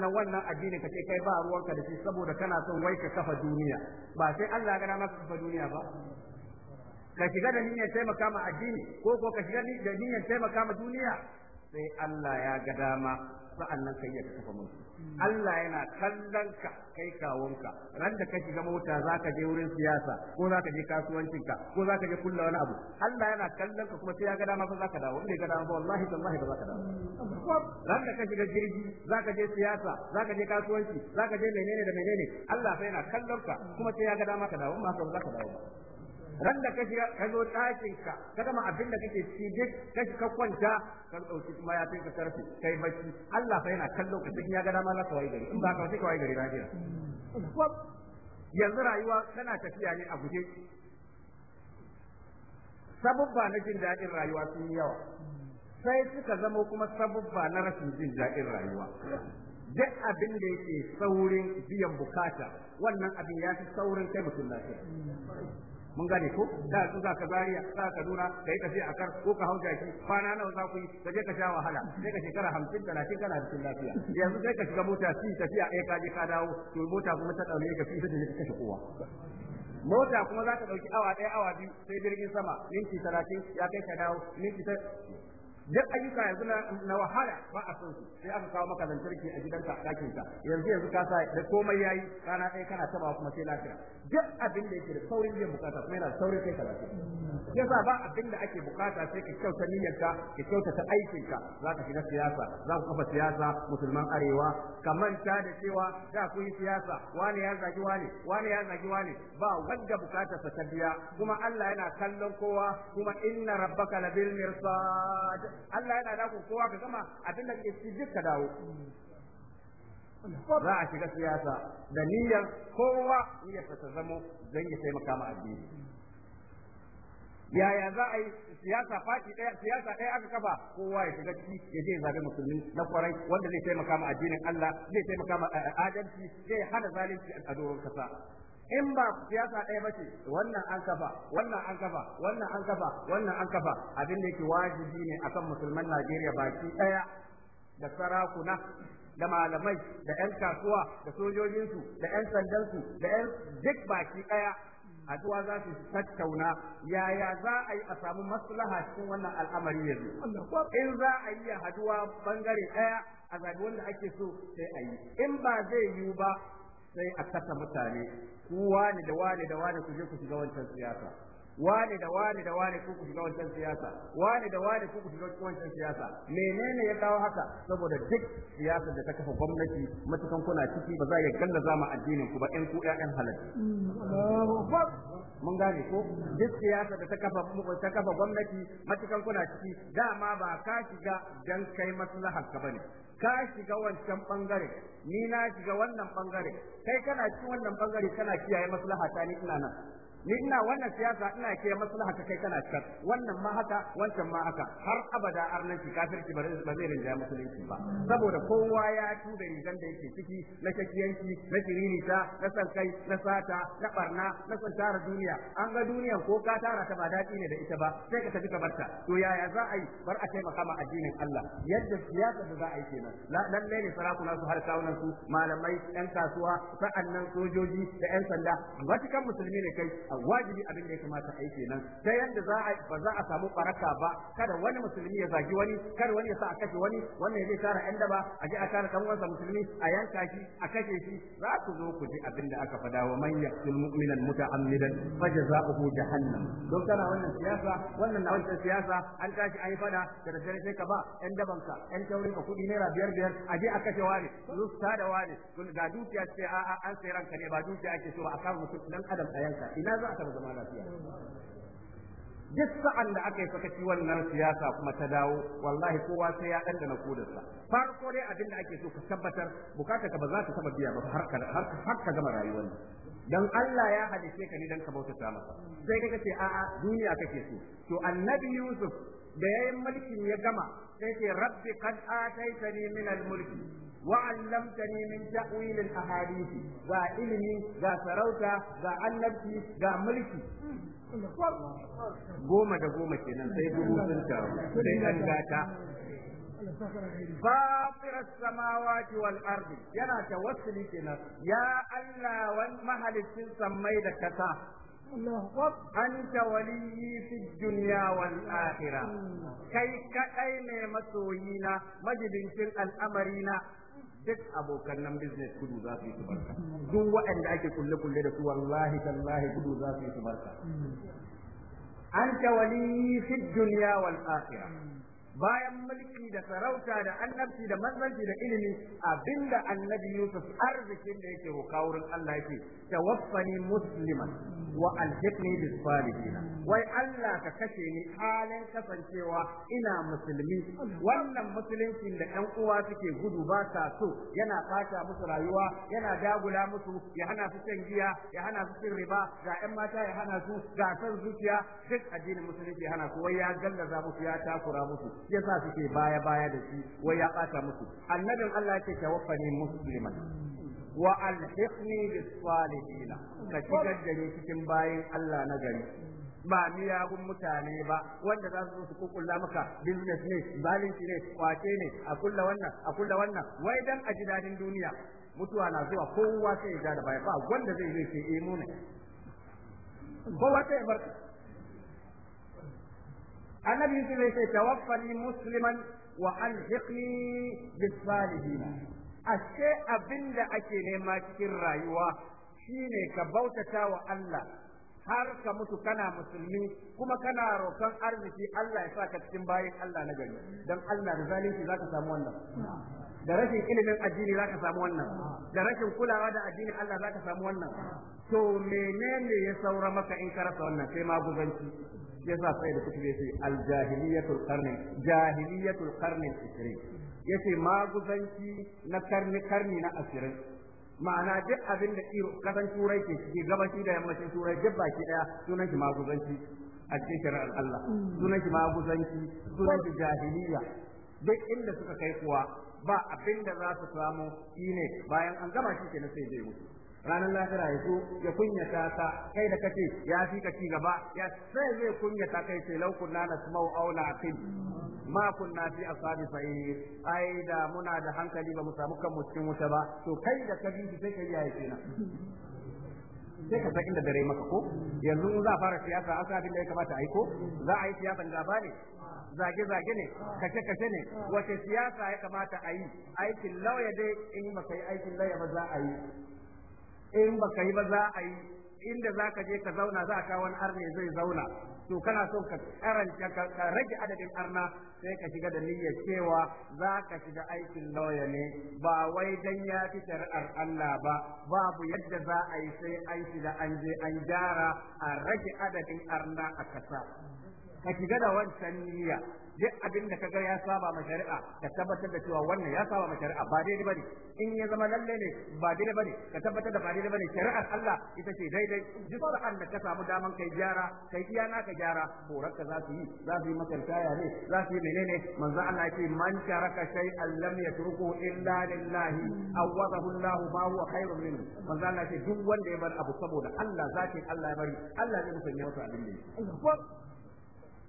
Speaker 1: nan wannan addini ka ce kai ba ruwanka da shi saboda kana son wai ka kafa duniya ba sai Allah ya gana maka kafa duniya ba ka shiga da niyyar taimaka ma addini ko ko ka shiga da niyyar taimaka ma duniya sai Allah ya ga dama sa'annan kai ya kafa musu Allah yana kallon ka kai kawunka ran da ka shiga mota zaka je wurin siyasa ko zaka je kasuwancin ka ko zaka je kulla wani abu Allah yana kallon ka kuma sai ya ga dama fa zaka dawo inda ga dama ba wallahi tallahi ba zaka dawo ran da ka shiga jirgi zaka je siyasa zaka je kasuwanci zaka je menene da menene Allah sai yana kallon ka kuma sai ya ga dama ka dawo amma ba zaka dawo ba ran da kashi ka zo ɗakinka, ka ka gama abin da kake cije, duk kashi ka kwanta ka ɗauki kuma ya fi ka sarfi kai bacci Allah fa yana kallon ka cikin ya ga dama za wai gari in ba ka wace kawai gari na jira. yanzu rayuwa tana tafiya ne a guje sabubba na jin daɗin rayuwa sun yi yawa sai suka zama kuma sabubba na rashin jin daɗin rayuwa duk abin da yake saurin biyan bukata wannan abin ya fi saurin kai mutum lafiya mun gane ko da su za ka zariya za ka nuna ka yi tafiya a kar ko ka hau jaki kwana nawa za ku yi ka ka sha wahala sai ka shekara hamsin talatin kana cikin lafiya yanzu sai ka shiga mota shi tafiya ɗaya ka je ka dawo to mota kuma ta ɗaure ka fi sai ka kashe kowa mota kuma za ta ɗauki awa ɗaya awa biyu sai jirgin sama minti talatin ya kai ka dawo minti ta duk ayyuka yanzu na wahala ba a son su sai aka kawo maka lantarki a gidanka a ɗakin ka yanzu yanzu ka sa da komai yayi rana ɗaya kana taba kuma sai lafiya duk abin da yake da saurin yin bukata kuma yana saurin kai ka lafiya yasa ba abin da ake bukata sai ka kyauta niyyarka ka kyautata aikinka za ka shiga siyasa za ku kafa siyasa musulman arewa ka manta da cewa da ku yi siyasa wani ya zagi wani wani ya zagi wani ba wanda bukata sa ta biya kuma Allah yana kallon kowa kuma inna rabbaka labil mirsad Allah yana da ku kowa ka gama abin da ke ci ka dawo za a shiga siyasa da niyyar kowa ya ta zamo zan yi taimaka ma addini yaya za a yi siyasa faki ɗaya siyasa ɗaya aka kafa kowa ya shiga ciki ya je zabe musulmi na kwarai wanda zai taimaka ma addinin Allah zai taimaka ma eh, adalci zai hana zalunci a doron kasa in ba siyasa ɗaya ba ce wannan an kafa wannan an kafa wannan an kafa wannan an kafa abin da yake wajibi ne akan musulman Najeriya baki ɗaya da sarakuna da malamai da 'yan kasuwa da sojojinsu da 'yan sandansu da 'yan duk baki ɗaya addu'a za su tattauna yaya za a yi a samu maslaha cikin wannan al'amari yanzu in za a yi a haduwa bangare ɗaya a zabi wanda ake so sai a yi in ba zai yiwu ba sai a kasa mutane ku wani da wani da wani ku je ku shiga wancan siyasa wani da wani da wani ku ku shiga wancan siyasa wani da wani ku ku shiga wancan siyasa menene ya kawo haka saboda duk siyasa da ta kafa gwamnati matukan kuna ciki ba za ya gallaza ma addinin ku ba ɗan ku ƴaƴan halal mun gane ko duk siyasa da ta kafa ta kafa gwamnati matukan kuna ciki dama ba ka shiga dan kai maslahar ka bane ka shiga wancan bangare ni na shiga wannan bangare kai kana cikin wannan bangare kana kiyaye maslaha ta ni ina nan ni ina wannan siyasa ina ke maslaha ta kai kana cikin wannan ma haka wancan ma haka har abada arnanci kafirci ba zai rinja musulunci ba saboda kowa ya tuda rigan da yake ciki na shakiyanci na kiririta na san kai na sata na barna na san tara duniya an ga duniyan ko ka tara ta ba daɗi ne da ita ba sai ka tafi ka barta to yaya za a yi bar a taimaka ma addinin Allah yadda siyasa da za a yi kenan lalle ne sarakuna su har kawunan su malamai yan kasuwa sa'annan sojoji da yan sanda matukan musulmi ne kai wajibi abin da ya kamata a yi kenan ta yadda za a ba za a samu baraka ba kada wani musulmi ya zagi wani kada wani ya sa a kashe wani wannan ya zai tara yan daba a je a kare dan uwansa musulmi a yanka shi a kashe shi za ku zo ku ji abin da aka faɗa wa man yaqtul mu'minan muta'ammidan fajza'uhu jahannam don kana wannan siyasa wannan na wancan siyasa an tashi an fada da dare sai ka ba yan dabanka yan tauri ka kuɗi naira biyar biyar a je a kashe wani su wani ga dukiya ce a'a an sai ranka ne ba dukiya ake so a kawo mutum dan adam a yanka ina za a zama lafiya duk sa'an da aka yi sakaci wannan siyasa kuma ta dawo wallahi kowa sai ya ɗanɗana kodarsa farko dai abin da ake so ka tabbatar bukata ka ba za ta taɓa biya ba har ka gama rayuwar dan Allah ya hadice ka ne dan ka bautata masa sai ka ce a'a duniya kake so to annabi Yusuf da yayin mulkin ya gama sai ce rabbi qad ataitani min al-mulk wa 'allamtani min ta'wil al-ahadith ga ilimi ga sarauta ga annabci ga mulki
Speaker 2: goma da goma kenan sai dubu sun taru sai an gata
Speaker 1: فاطر السماوات والأرض ينا توسلي كنا يا الله ومهل السمي دكتا anta waliyyi fi dunya wal akhirah kai kaɗai ne masoyina majibincin al'amarina duk abokan nan business kudu za su yi su barka duk waɗanda ake kulle kulle da su wallahi tallahi kudu za su yi su barka anta waliyyi fi dunya wal akhirah bayan mulki da sarauta da annabci da manzanci da ilimi abinda annabi Yusuf arzikin da yake roka wurin Allah yake tawaffani musliman wa alhiqni bis salihin wai Allah ka kashe ni halin kasancewa ina musulmi wannan musuluncin da 'yan uwa suke gudu ba sa so yana fata musu rayuwa yana dagula musu ya hana su cin giya ya hana su cin riba ga ƴan mata ya hana su ga san zuciya duk addinin musulunci hana su wai ya gallaza musu ya takura musu yasa suke baya baya da shi wai ya ɓata musu annabin Allah yake tawaffani musliman wa alhiqni bis salihin ka shigar da ni cikin bayin Allah na gari ba miyagun mutane ba wanda za su su kukulla maka business ne zalunci ne kwace ne a kulla wannan a kulla wannan wai dan a ji dadin duniya mutuwa na zuwa kowa sai ya da baya ba wanda zai yi sai eh ne kowa annabi yusuf ya ce tawaffani musliman wa alhiqni bis salihin ashe abinda ake nema cikin rayuwa shine ka bautata wa Allah har ka mutu kana musulmi kuma kana roƙon arziki Allah ya sa cikin bayan Allah na gari dan Allah da zalunci zaka samu wannan da rashin ilimin addini zaka samu wannan da rashin kulawa da addini Allah zaka samu wannan to menene ya saura maka in ka rasa wannan sai maguzanci shi yasa sai da kutubi yace al jahiliyatul qarni jahiliyatul qarni yace maguzanci na karni karni na asirin ma'ana duk abin da kasan turai ke ke gabashi da yammacin turai duk baki daya sunan shi maguzanci a cikin shari'ar Allah sunan shi maguzanci sunan shi jahiliya duk inda suka kai kuwa ba abin da za su samu shine bayan an gama shi kenan sai zai mutu ranar lahira ya so ya kunyata ta kai da kace ya fi ka ci gaba ya sai zai kunyata kai sai na na sumau aula naqil ma kunna fi asabi fa ai da muna da hankali ba mu samu kanmu cikin wuta ba to kai da ka bi sai kai yayi kenan sai ka san inda dare maka ko yanzu za a fara siyasa an san abin da ya kamata a yi ko za a yi siyasan gaba ne zage-zage ne kashe-kashe ne wace siyasa ya kamata a yi aikin lauya dai in ba ka yi aikin lauya ba za a yi in baka yi ba za a yi inda za ka je ka zauna za a kawo wani arne zai zauna to kana so ka karanta ka rage adadin arna sai ka shiga da niyyar cewa za ka shiga aikin lauya ne ba wai dan ya fi shari'ar Allah ba babu yadda za a yi sai an shiga an je an gyara a rage adadin arna a kasa ka shiga da wancan niyya duk abin da kaga ya saba ma shari'a ka tabbatar da cewa wannan ya saba ma shari'a ba daidai bane in ya zama lalle ne ba daidai bane ka tabbatar da ba daidai bane shari'ar Allah ita ce daidai duk sa'an da ka samu daman kai gyara kai iya naka gyara ka za su yi za su yi maka taya ne za su yi menene manzo Allah yake man taraka shay allam yatruku illa lillahi awadahu Allah ba huwa khairun minhu manzo Allah yake duk wanda ya bar abu saboda Allah zakin Allah ya bari Allah zai musanya masa abin da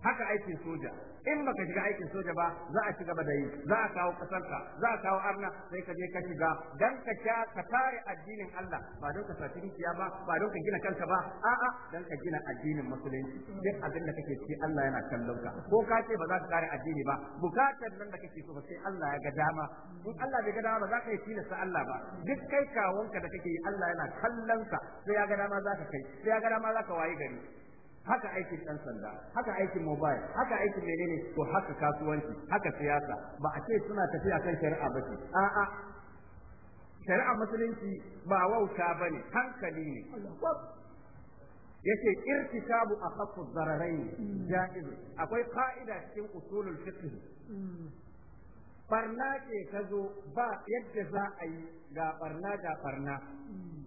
Speaker 1: haka aikin soja in baka shiga aikin soja ba za a ci gaba da yi za a kawo kasarka za a kawo arna sai ka je ka shiga dan ka sha ka tare addinin Allah ba don ka saci dukiya ba ba don ka gina kanka ba a'a dan ka gina addinin musulunci duk abin da kake ci Allah yana kallon ko ka ce ba za ka tare addini ba bukatar nan da kake so ba sai Allah ya ga dama in Allah bai ga dama ba za ka yi tilasta Allah ba duk kai kawonka da kake yi Allah yana kallon ka sai ya ga dama za ka kai sai ya ga dama za ka wayi gari haka aikin ɗan sanda haka aikin mobile haka aikin menene to haka kasuwanci haka siyasa ba a ce suna tafiya kan shari'a ba ce a'a shari'a musulunci ba wauta ba ne hankali ne yace irtikabu akhaffu zararain hmm. jaiz akwai ka'ida cikin usulul fiqh hmm. barna ke ka zo ba yadda za a yi ga barna ga barna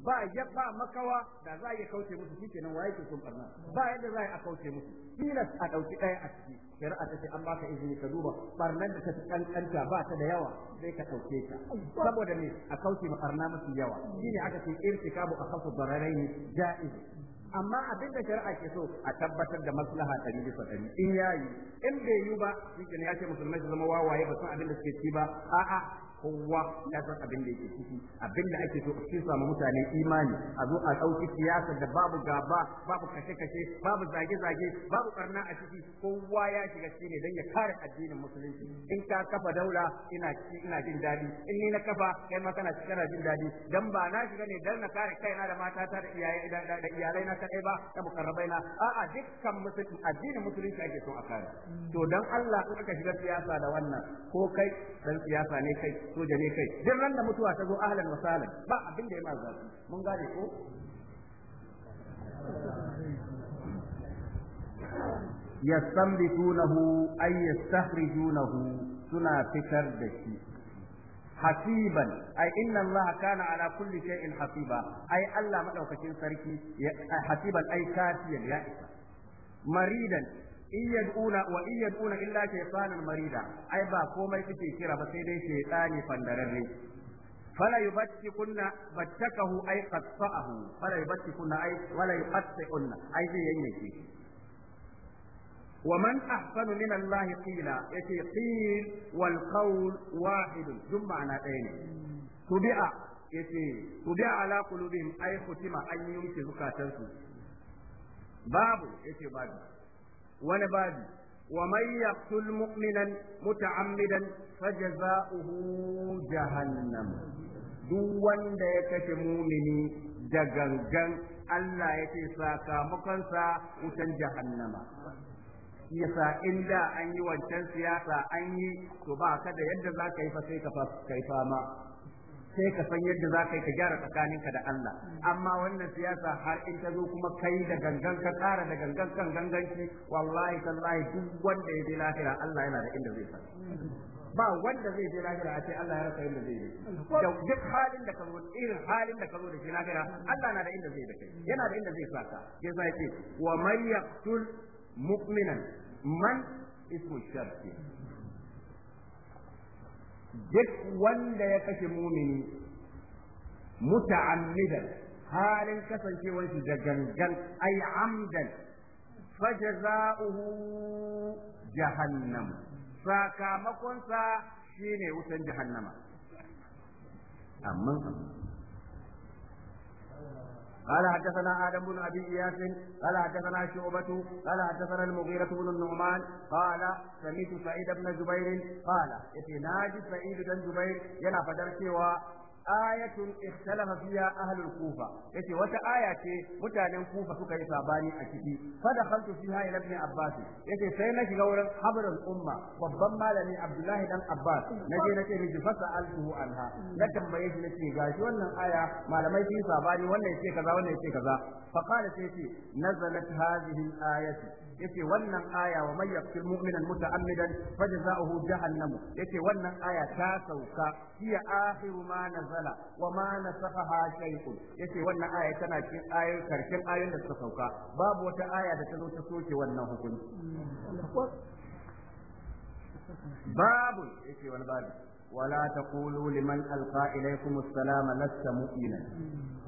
Speaker 1: ba ya ba makawa da za a yi kauce musu shi shikenan waye ke sun barna ba yadda za a a kauce musu tilas a ɗauki ɗaya a ciki shari'a ta ce an baka izini ka duba barnar da ta fi kankanta ba ta da yawa zai ka ɗauke ta saboda ne a kauce ma barna musu yawa shine aka ce irtikabu akhafu dararaini jaiz amma abin da shari'a ke so a tabbatar da maslaha ɗari bisa ɗari in yayi in bai yi ba shi ya ce musulmai su zama wawaye ba san abin da suke ci ba a'a kowa ya san abin da yake ciki abin da ake so su samu mutane imani a zo a ɗauki siyasa da babu gaba babu kashe-kashe babu zage-zage babu karna a ciki kowa ya shiga ciki ne don ya kare addinin musulunci in ka kafa daula ina ina jin daɗi in ni na kafa kai ma kana kana jin daɗi dan ba na shiga ne dan na kare kaina da matata da iyaye da iyalai na kadai ba da mukarrabai na a'a dukkan musulunci addinin musulunci ake so a kare to dan Allah in ka shiga siyasa da wannan ko kai dan siyasa ne kai soja ne kai duk ran da mutuwa ta zo ahlan wa salan ba abin da ya ma zafi mun gane ko yastambitunahu ay yastakhrijunahu suna fitar da shi hasiban ai inna allaha kana ala kulli shay'in hasiba ai Allah madaukakin sarki hasiban ai kafiyan ya isa maridan in yad'una wa in yad'una illa shaytanan marida ai ba komai kike kira ba sai dai shaytani fandararre fala yubatti kunna battakahu ay qatta'ahu fala yubatti kunna ay wala yuqatti'unna ai zai yanke ومن أحسن من الله قيلا يتي قيل والقول واحد ثم أنا تبع yace tubi'a ala qulubihim ay khutima an yumki zukatansu babu yace babu wani babi wa man yaqtul mu'minan muta'ammidan fajza'uhu jahannam duk wanda ya kashe mumini da gangan Allah ya ce sa wutan jahannama yasa inda an yi wancan siyasa an yi to ba ka da yadda za ka yi fa sai ka fama sai ka san yadda za ka yi ka gyara tsakaninka da Allah amma wannan siyasa har in ta zo kuma kai da gangan ka tsara da gangan kan ganganci wallahi tallahi duk wanda ya je lahira Allah yana da inda zai fara ba wanda zai je lahira a ce Allah ya rasa inda zai yi da duk halin da ka zo irin halin da ka zo da shi lahira Allah na da inda zai da kai yana da inda zai saka ya zai ce wa man yaqtul mu'minan man ismu sharti duk wanda ya kashe mumini muta'ammidan halin kasancewar shi da gangan ay amdan fajza'uhu jahannam sakamakonsa shine wutan jahannama amma قال حدثنا آدم بن أبي إياس قال حدثنا شعبة قال حدثنا المغيرة بن النعمان قال سمعت سعيد بن جبير قال إتناج سعيد بن جبير ينا فدرسي ayatun ikhtalafa fiha ahlul kufa yace wata aya ce mutanen kufa suka yi sabani a ciki fa dakhaltu fiha ila ibn abbas yace sai na shiga wurin habrul umma babban malami abdullahi dan abbas na nace ni ji fasa altuhu anha na tambaye shi nace gashi wannan aya malamai sun sabani wannan yace kaza wannan yace kaza fa qala sai yace nazalat hadhihi al-ayatu yace wannan aya wa may yaqtul mu'mina muta'ammidan fajza'uhu jahannam yace wannan aya ta sauka hiya akhiru ma nazala Wama wa ma nasafaha shay'un yace wannan aya tana cikin ayoyin karshen ayoyin da suka sauka babu wata aya da ta zo ta soke wannan hukunci babu yace wani babu ولا تقولوا لمن ألقى إليكم السلام لست مؤمنا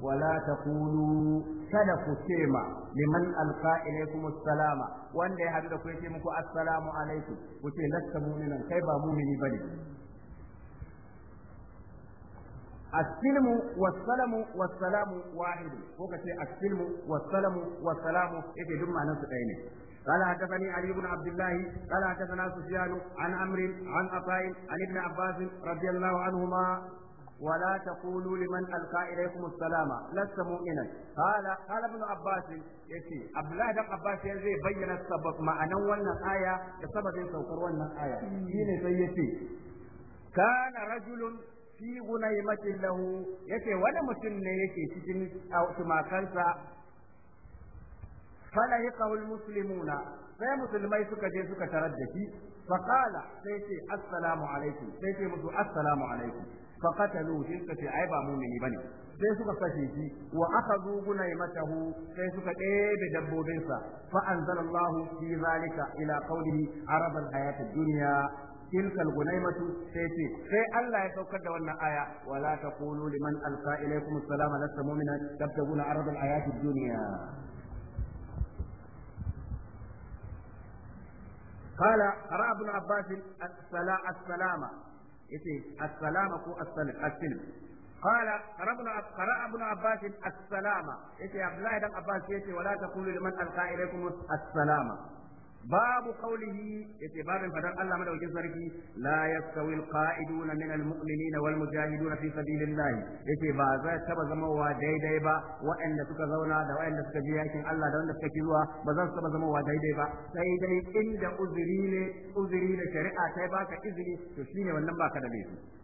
Speaker 1: ولا تقولوا كدك سيما لمن ألقى إليكم السلام وأن يحدث السلام عليكم وتي لست مؤمنا كيف مؤمن بني السلم والسلم والسلام واحد فوق السلم والسلم والسلام يجي دم نفس عينه قال حدثني علي بن عبد الله قال حدثنا سفيان عن عمرو عن عطاء عن ابن عباس رضي الله عنهما ولا تقولوا لمن القى اليكم السلام لست مؤمنا قال قال ابن عباس يتي عبد الله بن عباس زي بين السبب معنى wannan aya da sababin saukar wannan aya shine sai yace كان رجل fi gunaimatin lahu yace wani mutum ne yake cikin tumakansa fala yaqul muslimuna sai musulmai suka je suka tarar da shi faqala sai ce assalamu alaikum sai ce musu assalamu alaikum faqatalu shi suka ce ai ba mumini bane sai suka kashe shi wa akhadhu matahu, sai suka ɗebe dabbobinsa fa anzalallahu fi zalika ila qawlihi arabal hayatid dunya tilkal gunaimatu sai ce sai Allah ya saukar da wannan aya wala taqulu liman alqa ilaykum assalama lasta mu'minan tabtaguna aradal ayatid dunya قال قرأ ابن عباس السلام السلام كو السلم قال ربنا قرأ ابن عباس السلام يتي عبد الله بن عباس يتي ولا تقولوا لمن ألقى إليكم السلام babu qawlihi yace babin fadar Allah madaukin sarki la yastawi alqa'iduna min na wal mujahiduna fi sabilillah yace ba za ta zama wa daidai ba waɗanda suka zauna da waɗanda suka je yakin Allah da wanda suka ki ba za su taba zama wa daidai ba sai dai inda uzirine ne uzuri da shari'a ta baka izini to shine wannan ba ka da laifi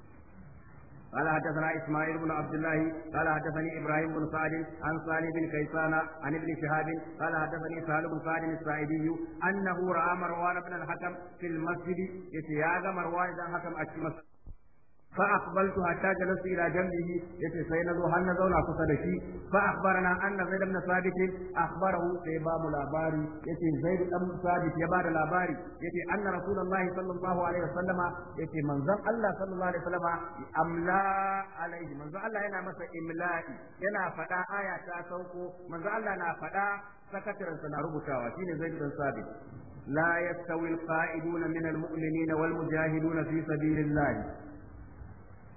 Speaker 1: قال حدثنا اسماعيل بن عبد الله قال حدثني ابراهيم بن سعد عن صالح بن كيسان عن ابن شهاب قال حدثني سهل بن سعد الساعدي انه راى مروان بن الحكم في المسجد يتياغ مروان بن الحكم في المسجد fa aqbaltu hatta jalastu ila jambihi yace sai nazo har na zauna kusa da shi fa akhbarana anna zaid ibn sabit akhbarahu sai babu labari yace zaid ibn sabit ya bada labari yace anna rasulullahi sallallahu alaihi wasallama yace manzon Allah sallallahu alaihi wasallama amla alaihi manzon Allah yana masa imla'i yana faɗa aya ta sauko manzon Allah na fada sakatarin sa na rubutawa shine zaid ibn sabit la yastawi alqa'iduna min almu'minina walmujahiduna fi sabilillahi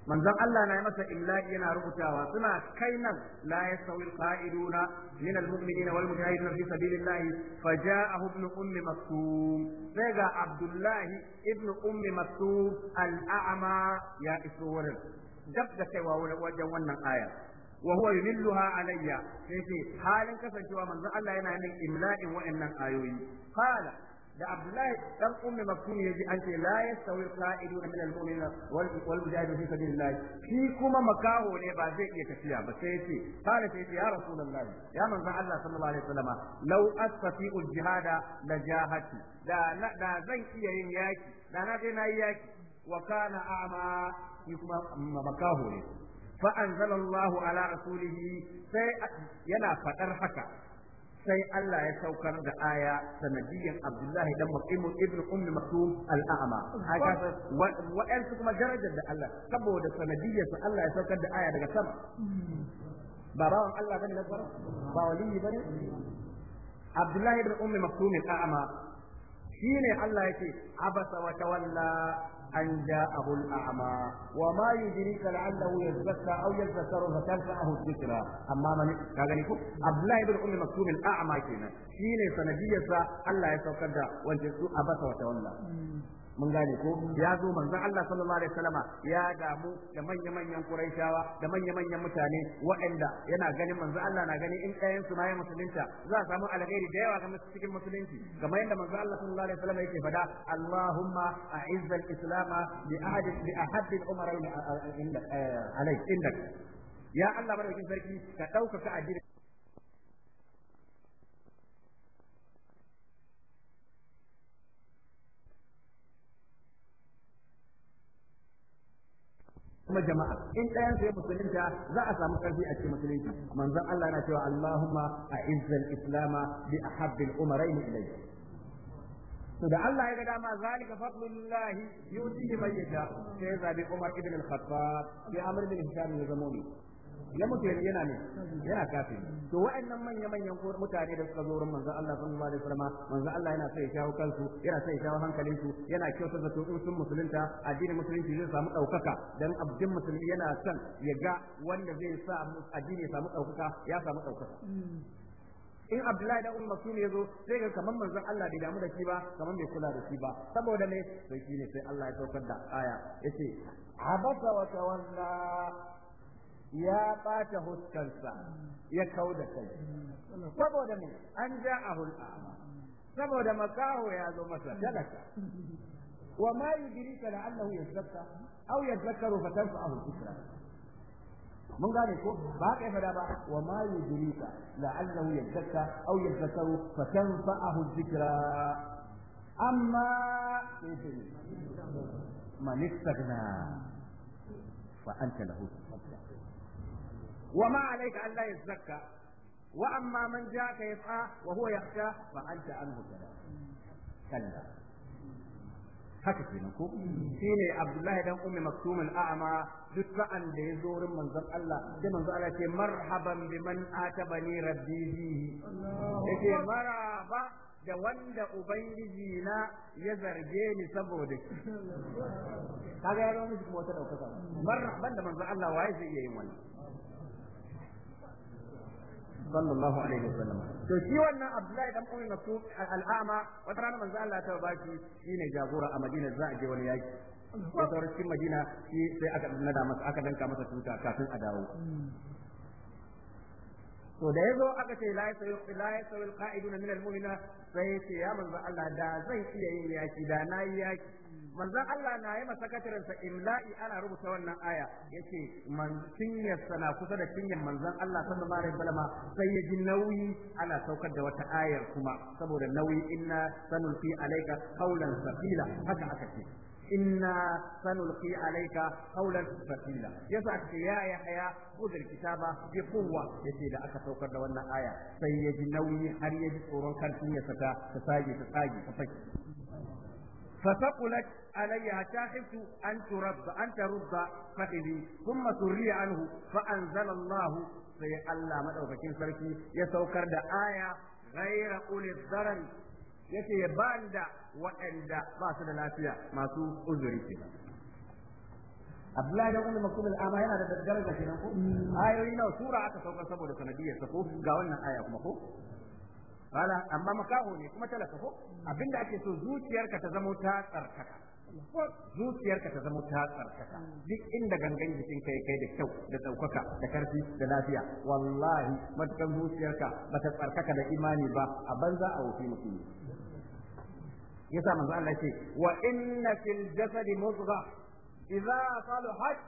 Speaker 1: manzon Allah na yi masa imla'i yana rubutawa suna kai nan la yasawi alqa'iduna min almu'minina wal mujahidina fi sabilillah faja'ahu ibn ummi maktum sai ga abdullahi ibn ummi maktum al'ama ya iso wurin dab da kaiwa wajen wannan aya wa huwa yudilluha alayya sai ce halin kasancewa manzon Allah yana yin imla'in wa'annan ayoyi qala da Abdullahi dan ummi maktum ji an ce la yastawi qa'iduna min al-mu'minina wal wal mujahidu fi sabilillah shi kuma makaho ne ba zai iya tafiya ba sai yace kana sai yace ya rasulullah ya manzon Allah sallallahu alaihi wasallam law asfi'u al-jihada la jahati da da zan iya yin yaki da na je nayi yaki wa kana a'ma shi kuma makaho ne fa anzalallahu ala rasulihi sai yana fadar haka sai Allah ya saukar da aya sanadiyan Abdullahi dan Mutim ibn Umm Maktum al-A'ma haka wa'an su kuma darajar da Allah saboda sanadiyyar su Allah ya saukar da aya daga sama ba bawan Allah bane na gwara ba waliyi bane Abdullahi ibn Umm Maktum al-A'ma shine Allah yake abasa wa tawalla أن جاءه الأعمى وما يدريك لعله يزكى أو يذكر فتنفعه الذكرى أما من كاغنيكو عبد الله بن أم مكتوم الأعمى كنا شيني سندية الله يتوكد وانجزو أبس وتولى mun gane ko ya zo manzon Allah sallallahu alaihi wasallama ya damu da manya manyan Quraishawa da manya manyan mutane waɗanda yana ganin manzon Allah na gani in ɗayan su ma ya musulunta za a samu alheri da yawa ga cikin musulunci kamar yadda manzon Allah sallallahu alaihi wasallama yake fada Allahumma a'izz al-islam bi ahadi bi ahadi al-umara eh, inda ya Allah madaukakin sarki ka ɗaukaka addini kuma jama'a in ɗayan sai musulunta za a samu karfi a cikin musulunci manzon Allah yana cewa Allahumma a al islama bi a al-umrayn ilayya to da Allah ya ga dama zalika fadlullah yu'tihi man yasha sai zabi Umar ibn al-Khattab bi amr bin Hisham ya zamo ya mutu yana ne yana kafi to wa'annan manya manyan mutane da suka zo wurin manzon Allah sallallahu alaihi wasallam manzon Allah yana sai ya shawo kansu yana sai ya shawo hankalin su yana kyauta da to sun musulunta addinin musulunci zai samu daukaka dan abdin musulmi yana son ya ga wanda zai sa addini ya samu daukaka ya samu daukaka in Abdullahi da Umar ne ya zo sai ga kaman manzon Allah bai damu da shi ba kaman bai kula da shi ba saboda ne sai shine sai Allah ya saukar da aya yace abasa wa tawalla يا قاته التلفا يا كود التلفا سبود من جاءه الأعمى سبود مكاه يا ذو مثل وما يدريك لعله يتذكر أو يذكر فتنفعه الذكرى من قال يقول باقي فلابا وما يدريك لعله يتذكر أو يتذكر فتنفعه الذكرى أما من استغنى فأنت له تصدق وما عليك ألا يزكى وأما من جاءك يسعى وهو يخشى فأنت عنه كلا haka kenan ko shine Abdullahi dan Ummi Maktum al-A'ma duk sa'an da ya zo rin manzon Allah sai manzon Allah ce marhaban biman atabani rabbi bihi yake maraba da wanda ubangiji na ya zarge ni saboda shi kaga ya rawu miki kuma ta dauka marhaban da manzon Allah waye zai iya yin wannan sallallahu alaihi wasallam to shi wannan Abdullahi dan Umar Mas'ud al'ama wata rana manzo Allah ta baki shine jagora a Madina za a je wani yaki Wata sauran cikin Madina sai aka nada masa aka danka masa tuta kafin a dawo to da yazo aka ce la yasu la yasu al min al-mu'mina sai ce ya manzo Allah da zai iya yin yaki da nayi yaki manzon Allah na yi masakatarin sa imla'i ana rubuta wannan aya yace man cinyar na kusa da cinyar manzon Allah sallallahu alaihi balama sai ya ji nauyi ana saukar da wata ayar kuma saboda nauyi inna sanulfi alayka haular safila haka aka ce inna sanulqi alayka safila ya sa aka ya yahya khudh ya bi ya yace da aka saukar da wannan aya sai ya ji nauyi har ya ji tsoron kan ya ta sage ta sage ta علي حتى خفت أن ترد أن ترد فخذي ثم سري عنه فأنزل الله في الله مدعوكين سركي يسوكر دا آية غير أولي الضرر yake ban da waɗanda ba su da lafiya masu uzuri kenan Abdullahi da Umar Maktum al yana da daraja kenan ko ayoyi nawa sura aka sauka saboda sanadiyar sa ko ga wannan aya kuma ko amma makaho ne kuma talaka ko abinda ake so zuciyarka ta zamo ta tsarkaka zuciyarka ta zama ta tsarkaka duk inda gangan jikin kai kai da kyau da daukaka da karfi da lafiya wallahi matukan zuciyarka ta tsarkaka da imani ba a banza a wuce mutum yasa manzo Allah ce wa inna fil jasadi mudgha idza salahat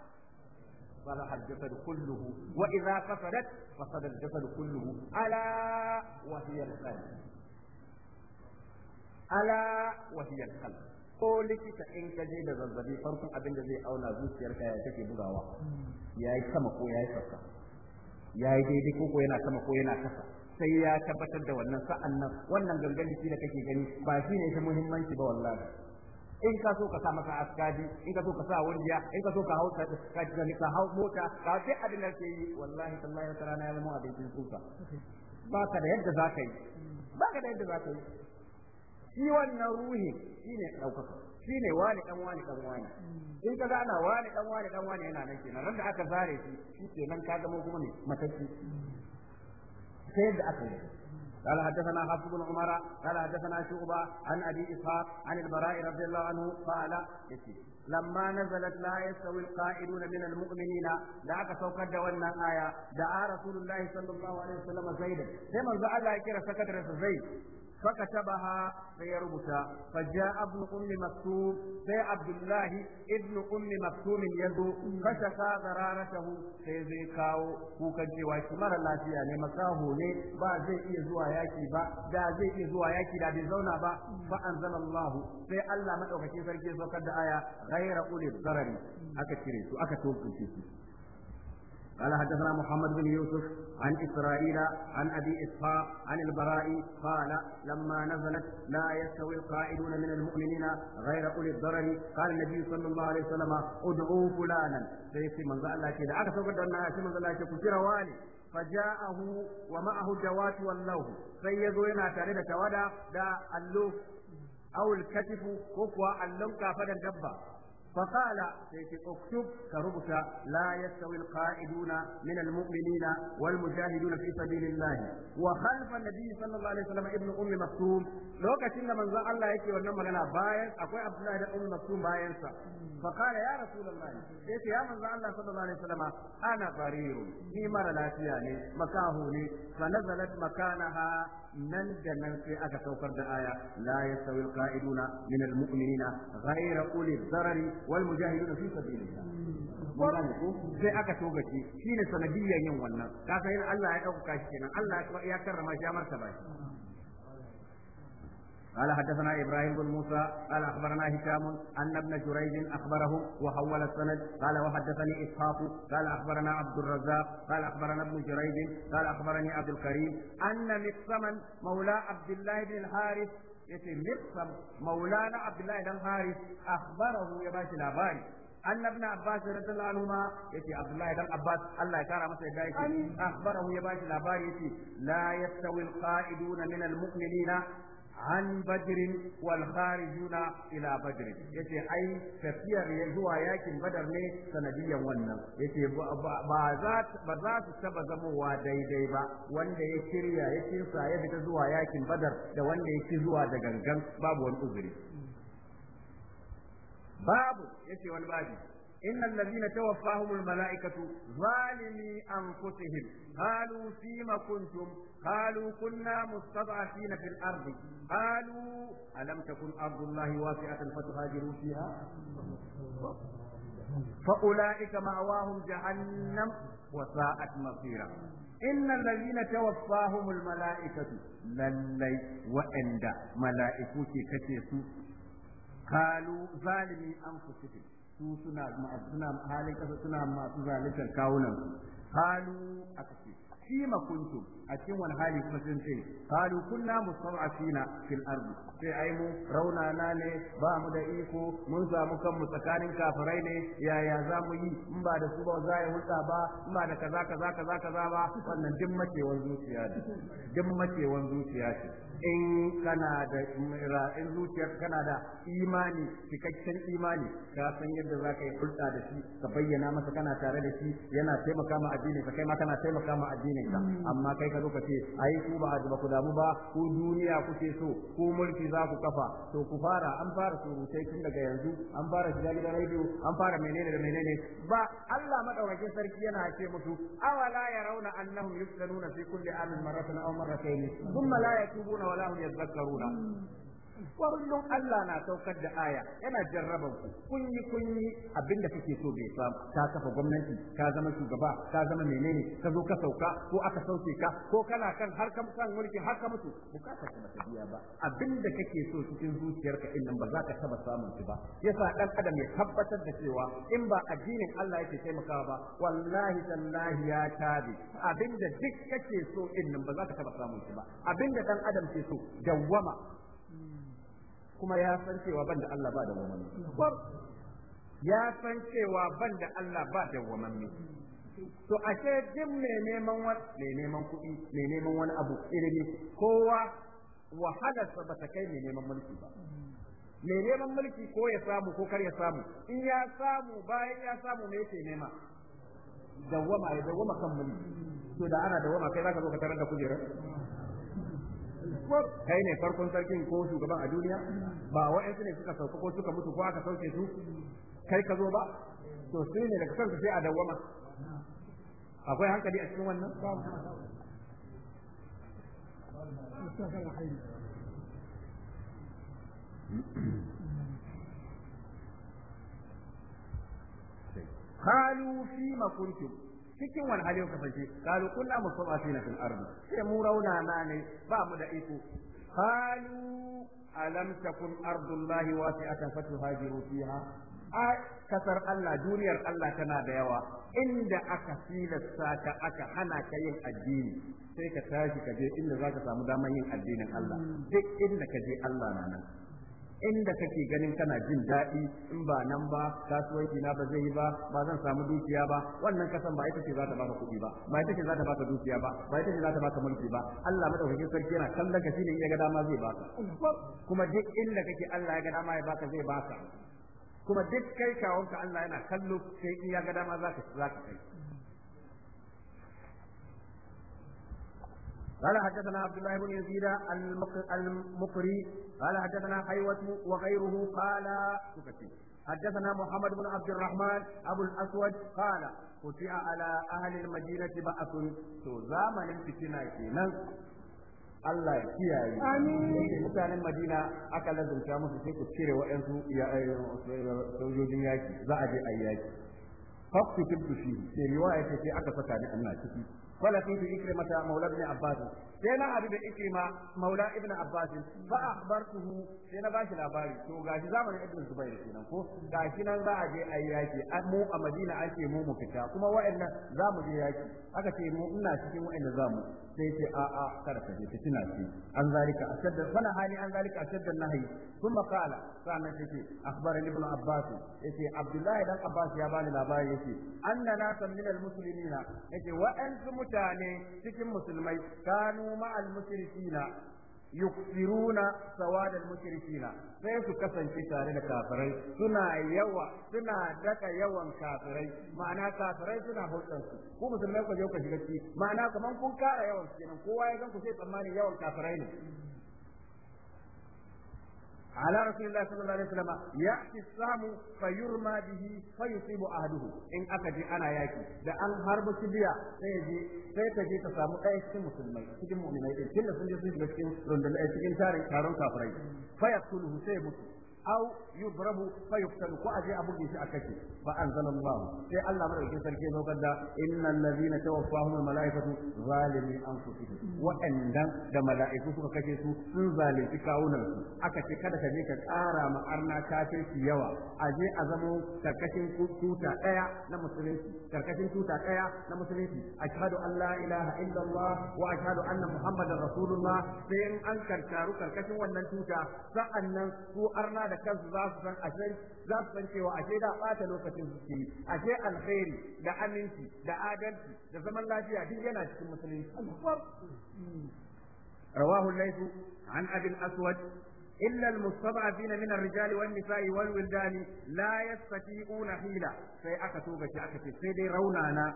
Speaker 1: صلح الجسد كله وإذا فسدت فسد الجسد كله ألا وهي القلب ألا وهي القلب ko likita in ka je da zazzabi farkon abin da zai auna zuciyarka ya take bugawa ya yi sama ko ya yi sassa ya yi daidai ko yana sama ko yana kasa sai ya tabbatar da wannan sa'an nan wannan gangan jiki da kake gani ba shi ne ta muhimmanci ba wallahi in ka so ka sa maka askadi in ka so ka sa wurjiya in ka so ka hau ka ka hau mota ka sai abin da ke yi wallahi tallahi wata rana ya zama abin tsufa ba ka da yadda za ka yi ba ka da yadda za ka yi shi wannan ruhi shi ne ɗaukaka shi ne wani ɗan wani ɗan wani in ka ana wani ɗan wani ɗan wani yana nan kenan ran da aka zare shi shi kenan ka zama kuma ne matacci sai yadda aka yi قال حدثنا حفص بن عمر قال حدثنا شعبة عن أبي إسحاق عن البراء رضي الله عنه قال لما نزلت لا يستوي القائدون من المؤمنين دعك سوك دولنا آية دعا رسول الله صلى الله عليه وسلم زيدا كما زعل الله سكت رسول زيد فكتبها فيربطها فجاء ابن ام مكتوم سي عبد الله ابن ام مكتوم يزو فشكا ضرارته سي زي كاو كوكان cewa shi mara lafiya ne makaho ne ba zai iya zuwa yaki ba da zai iya zuwa yaki da bai zauna ba zama anzalallahu sai Allah madaukake sarki saukar da aya ghayra ulil zarari aka cire su aka tokunce su قال حدثنا محمد بن يوسف عن إسرائيل عن أبي إسحاق عن البراء قال لما نزلت لا يستوي القائدون من المؤمنين غير أولي الضرر قال النبي صلى الله عليه وسلم ادعوا فلانا سيسي من ذا الله كده أكثر قد أنها من ذا الله كثير والي فجاءه ومعه الجوات واللوه سيزو ينا تاريد تودا دا اللوه أو الكتف كفوة اللوه كافدا دبا فقال اكتب كربك لا يستوي القائدون من المؤمنين والمجاهدون في سبيل الله وخلف النبي صلى الله عليه وسلم ابن ام مكتوم لو كتن من ذا الله يكي ونما لنا باين اكو عبد الله بن ام مكتوم باين فقال يا رسول الله يكي يا من ذا الله صلى الله عليه وسلم انا ضرير في مرة لا مكاهوني فنزلت مكانها nan da nan sai aka saukar da aya la yastawi alqa'iduna min almu'minina ghayra uli dharari wal mujahiduna fi sabilillah wannan ko sai aka shi shine sanadiyyan yin wannan ka san Allah ya dauka shi kenan Allah ya karrama shi ya martaba shi قال حدثنا ابراهيم بن موسى قال اخبرنا هشام ان ابن جريج اخبره وحول السند قال وحدثني اسحاق قال اخبرنا عبد الرزاق قال اخبرنا ابن جريج قال اخبرني عبد الكريم ان مقسما مولى عبد الله بن الحارث مقسم مولانا عبد الله بن الحارث اخبره يا باشا الاباي أن ابن عباس رضي الله عنهما يتي عبد الله بن عباس الله يكرم مسا يدايتي أخبره يا باشا الأبار لا يستوي القائدون من المؤمنين an badirin wal kharijuna ila badr yace ai tafiyar ya zuwa yakin badar ne sanadiyan wannan yace ba za ba za su taba zamowa daidai ba wanda ya shirya ya kinsa ya fita zuwa yakin badar da wanda ya ci zuwa da gangan babu wani uzuri babu yace wani babu إن الذين توفاهم الملائكة ظالمي أنفسهم قالوا فيما كنتم قالوا كنا مستضعفين في الأرض قالوا ألم تكن أرض الله واسعة فتهاجروا فيها فأولئك مأواهم جهنم وساءت مصيرا إن الذين توفاهم الملائكة للي واندى ملائكة كتسو قالوا ظالمي أنفسهم su suna suna halin kasa suna masu zaluntar kawunan halu a ce fima a cikin wani hali kuma sun ce halu kunna mustad'afina fil ard sai ai mu rauna na ne ba mu da iko mun samu kanmu tsakanin kafirai ne yaya za mu yi in ba da su ba za ya hulɗa ba in ba da kaza kaza kaza kaza ba wannan duk zuciya ne duk zuciya ce in kana da ra'in zuciyar kana da imani cikakken imani ka san yadda za ka yi hulɗa da shi ka bayyana masa kana tare da shi yana taimaka ma addinin ka kai ma kana taimaka ma addinin ka mm. amma kai ka zo ka ce ai ku ba ba ku damu ba ko duniya kuke so ko mulki za ku kafa to ku fara an fara surutai tun daga yanzu an fara shiga gidan rediyo an fara menene da menene ba Allah madaukakin sarki yana ce musu awala rauna annahum yuftanuna fi kulli amin marratan aw marratayn thumma la yatubuna walahum yadhakkaruna kullum Allah na saukar da aya yana jarraban ku kun yi kun yi abinda kake so bai samu ka kafa gwamnati ka zama shugaba ka zama menene ka zo ka sauka ko aka sauke ka ko kana kan har ka kan mulki har ka mutu bukata ka mata biya ba abinda kake so cikin zuciyarka din nan ba za ka taba samun shi ba yasa dan adam ya tabbatar da cewa in ba addinin Allah yake taimakawa ba wallahi tallahi ya tabi abinda duk kake so din nan ba za ka taba samun shi ba abinda dan adam ke so dawwama kuma ya san cewa ban da Allah ba da wamanni ya san cewa ban da Allah ba da wamanni to ce duk mai neman wani mai neman kuɗi mai neman wani abu irin kowa wahalarsa ba ta kai mai neman mulki ba mai neman mulki ko ya samu ko kar ya samu in ya samu bayan ya samu me yake nema dawwama ya dawwama kan mulki to da ana dawwama kai zaka zo ka tarar da kujerar kai ne farkon sarkin ko shugaban a duniya ba ɗansu ne suka sauka ko suka mutu ko aka sauke su kai ka zo ba to su ne daga kansu sai a dawwama akwai hankali a cikin wannan قالوا فيما كنتم cikin wani hali kuka fashe kalu kunna mustadafina fil ardi sai mu rauna na ne ba mu da iko qalu alam takun ardullahi wasi'atan fatuhajiru fiha a kasar Allah duniyar Allah tana da yawa inda aka filasta ka aka hana ka yin addini sai ka tashi ka je inda zaka samu daman yin addinin Allah duk inda ka je Allah na nan inda kake ganin kana jin daɗi in ba nan ba kasuwanci na ba zai yi ba ba zan samu dukiya ba wannan kasan ba ita ce za ta baka kuɗi ba ba ita ce za ta baka dukiya ba ba ita ce za ta baka mulki ba Allah madaukakin sarki yana kallon ka ne in ya ga dama zai baka kuma duk inda kake Allah ya ga dama ya baka zai baka kuma duk kai kawunka Allah yana kallo sai in ya ga dama za ka kai قال حدثنا عبد الله بن يزيد المقري قال حدثنا حيوة وغيره قال حدثنا محمد بن عبد الرحمن أبو الأسود قال قطع على أهل المدينة بأس تزامن الفتنة كينا Allah kiyaye. Amin. Mutanen Madina aka lazumta musu sai ku cire waɗansu sojojin yaki za a je a yaki. Faktu tibtu shi sai ce sai aka saka ni ina ciki. ولقيت إكرمة مولى ابن عباس sai na hadu da ma maula ibn abbas fa akhbartuhu sai na bashi labari to gashi zamanin ibn zubair kenan ko gashi nan za a je ayi yaki mu a madina ake mu mu fita kuma wa'annan za mu je yaki aka ce mu ina cikin wa'anda za mu sai ce a a kada ka je fitina ce an zalika ashadda mana hali an zalika ashadda nahyi kuma qala sannan ce akhbarani ibn abbas yace abdullahi dan abbas ya bani labari yace annana min al-muslimina yace wa'ansu mutane cikin musulmai kanu كانوا مع المشركين يكفرون سواد المشركين sai su kasance tare da kafirai suna yawa suna daka yawan kafirai ma'ana kafirai suna hulɗar su ku musulmai ku je ku shiga ciki ma'ana kaman kun kara yawan su kenan kowa ya san ku sai tsammani yawan kafirai ne على رسول الله صلى الله عليه وسلم يأتي السهم فيرمى به فيصيب أهله إن أكجي أنا ياكي لأن هرب سبيا سيجي سيتجي تسامو أي سكين مسلمين سيجي مؤمنين كل سنجي سيجي سكين رندل أي سكين تاري تارون كافرين فيقتله سيبوتي aw yubrabu fa yuftalu a aje abu a shi ba fa anzalallahu sai Allah madaukakin sarki ya saukar da innal ladina tawaffahum al malaikatu zalimi anfusihim wa'andan da mala'iku suka kace su sun zalunci kawunan su aka ce kada ka je ka ƙara ma arna kafirci yawa aje a zamo karkashin tuta daya na musulunci karkashin tuta ɗaya na musulunci ashhadu an la ilaha illallah wa ashhadu anna muhammadar rasulullah sai an karkaru karkashin wannan tuta sa'annan su arna da kansu za su san ashe za su san cewa ashe da bata lokacin su ke ashe alkhairi da aminci da adalci da zaman lafiya duk yana cikin musulunci rawahu laifu an abin aswad Illar المستضعفين من الرجال والنساء والولدان لا يستطيعون حيلة sai aka toga shi aka ce sai dai raunana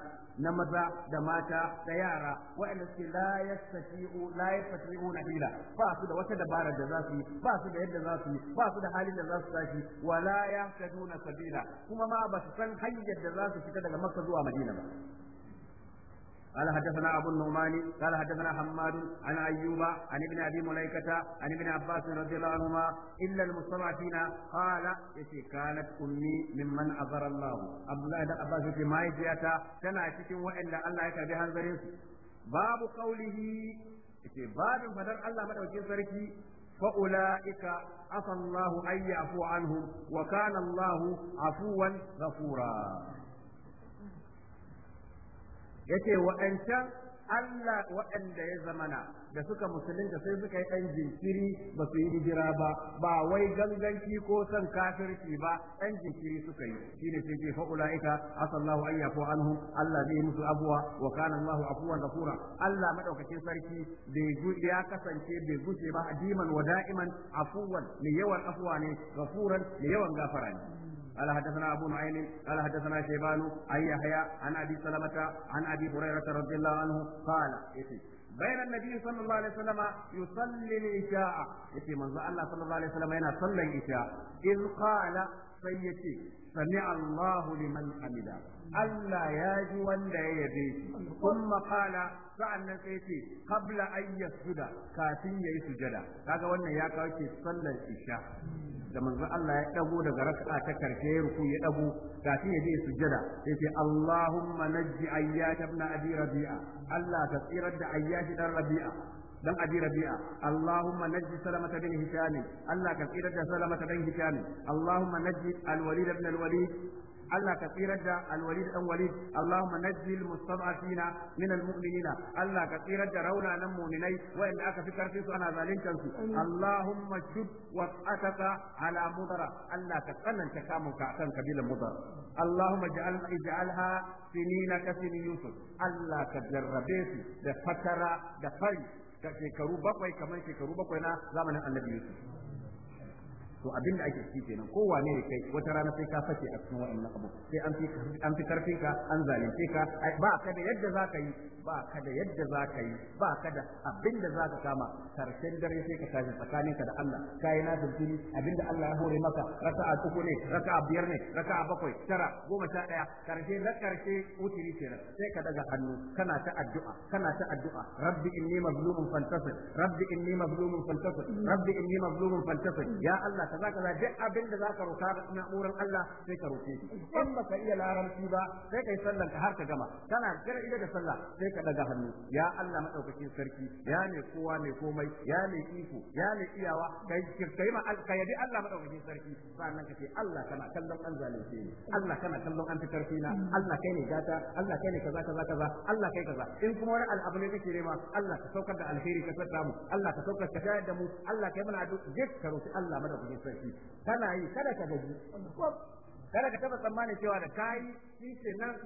Speaker 1: na maza da mata da yara waɗanda suke la yastati'u la yastati'una hila ba su da wata dabarar da za su yi ba su da yadda za su yi ba su da halin da za su tashi wala yahtaduna sabila kuma ma ba su san hanyar da za su fita daga Makka zuwa Madina ba قال حدثنا أبو النعمان قال حدثنا حماد عن أيوب عن ابن أبي مليكة عن ابن عباس رضي الله عنهما إلا المستضعفين قال يتي كانت أمي ممن أظهر الله عبد الله بن عباس في ما يجيتا تنا cikin wa'anda Allah ya karbi hanzarin su babu qaulihi yace babin fadar Allah madaukin sarki fa ulaika afa Allah an yafu anhum wa kana Allah afuwan ghafura yace wa'ancan Allah waɗanda ya zamana da suka musulunta sai suka yi ɗan jinkiri ba su yi hijira ba ba wai ganganci ko son kafirci ba ɗan jinkiri suka yi Shi ne sai ke fa'ula'ika asallahu an yafu anhu Allah zai musu abuwa wa kana Allahu afuwan ghafura Allah madaukakin sarki da ya kasance bai gushe ba diman wa da'iman afuwan mai yawan afuwa ne ghafuran mai yawan gafara ne قال حدثنا أبو نعيم قال حدثنا شيبان أن يحيى عن أبي سلمة عن أبي هريرة رضي الله عنه قال بين النبي صلى الله عليه وسلم يصلي العشاء يتي منذ الله صلى الله عليه وسلم ينا صلى العشاء إذ قال سيتي sami Allahu liman hamida Allah ya ji wanda ya yabe shi kuma qala sa'annan sai ce qabla an yasjuda kafin yayi sujada kaga wannan ya kawo ke sallar isha da manzon Allah ya dago daga raka'a ta karshe ya ruku ya dago kafin ya je sujada yace Allahumma najji ayyash ibn abi rabi'a Allah ka tsirar da ayyash dan rabi'a dan abi rabi'a allahumma najji salamata bin hisham allah ka tsira da salamata bin hisham allahumma najji al-walid ibn al-walid Allah ka tsirar da alwalid dan walid Allahumma najji almustad'afina min almu'minina Allah ka tsirar da raunanan mu'minai inda aka fi karfi su ana zaluntar su Allahumma shud wa ataka ala mudara Allah ka tsananta kamun ka akan kabilan mudara Allahumma ja'al ij'alha sinina ka sin yusuf Allah ka jarrabe su da fatara da fari ta shekaru bakwai kamar shekaru bakwai na zamanin annabi Yusuf to abin da ake ciki kenan ko wane ne kai wata rana sai ka fake a cikin wa'annan abu sai an fi an an zalunce ka ba ka da yadda za ka yi ba ka da yadda za ka yi ba ka da abin da za ka kama karshen dare sai ka tashi tsakaninka da Allah ka yi nazar abin da Allah ya hore maka a uku ne a biyar ne a bakwai tara goma sha ɗaya karshe na karshe wutiri kenan sai ka daga hannu kana ta addu'a kana ta addu'a rabbi inni mazlumun fantasir rabbi inni mazlumun fantasir rabbi inni mazlumun fantasir ya Allah kaza kaza duk abin da za ka roka na'urar Allah sai ka roke shi in baka iya larabci ba sai kai sallan ka har ka gama kana gara ida da sallah sai ka daga hannu ya Allah madaukakin sarki ya ne kowa mai komai ya ne iko ya ne iyawa kai kai ma ka yabi Allah madaukakin sarki sannan ka ce Allah kana kallon an zalunce ni Allah kana kallon an fitar na Allah kai ne gata Allah kai ne kaza kaza kaza Allah kai kaza in kuma wani al'abu ne kake nema Allah ka saukar da alheri ka saka mu Allah ka saukar ka shayar da mu Allah kai mana duk duk ka roki Allah madaukakin sarki kana yi kada ka gaji kada ka taba tsammani cewa da kai shi nan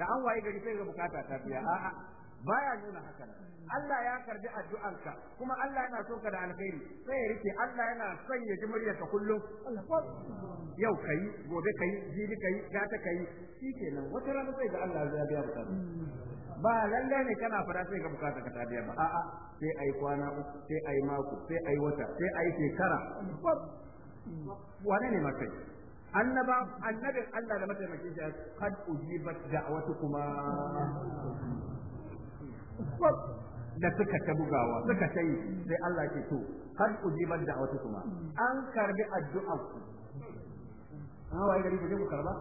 Speaker 1: da an waye gari sai ga bukata ta biya a'a baya nuna haka. Allah ya karbi addu'arka kuma Allah yana so ka da alkhairi sai ya rike Allah yana son ya ji muryarka kullum yau kai gobe kai jibi kai gata kai shikenan wata rana sai ga Allah zai biya bukata ba lallai ne kana fara sai ka bukata ka tabiya ba a'a sai ai kwana uku sai ai mako sai ai wata sai ai shekara wane ne mafi annaba annabin Allah da mataimakin shi kad ujibat da'watukuma da suka ta bugawa suka ta yi sai Allah ke to kad ujibat da'watukuma an karbi addu'a ku an waye gari ku je ku karba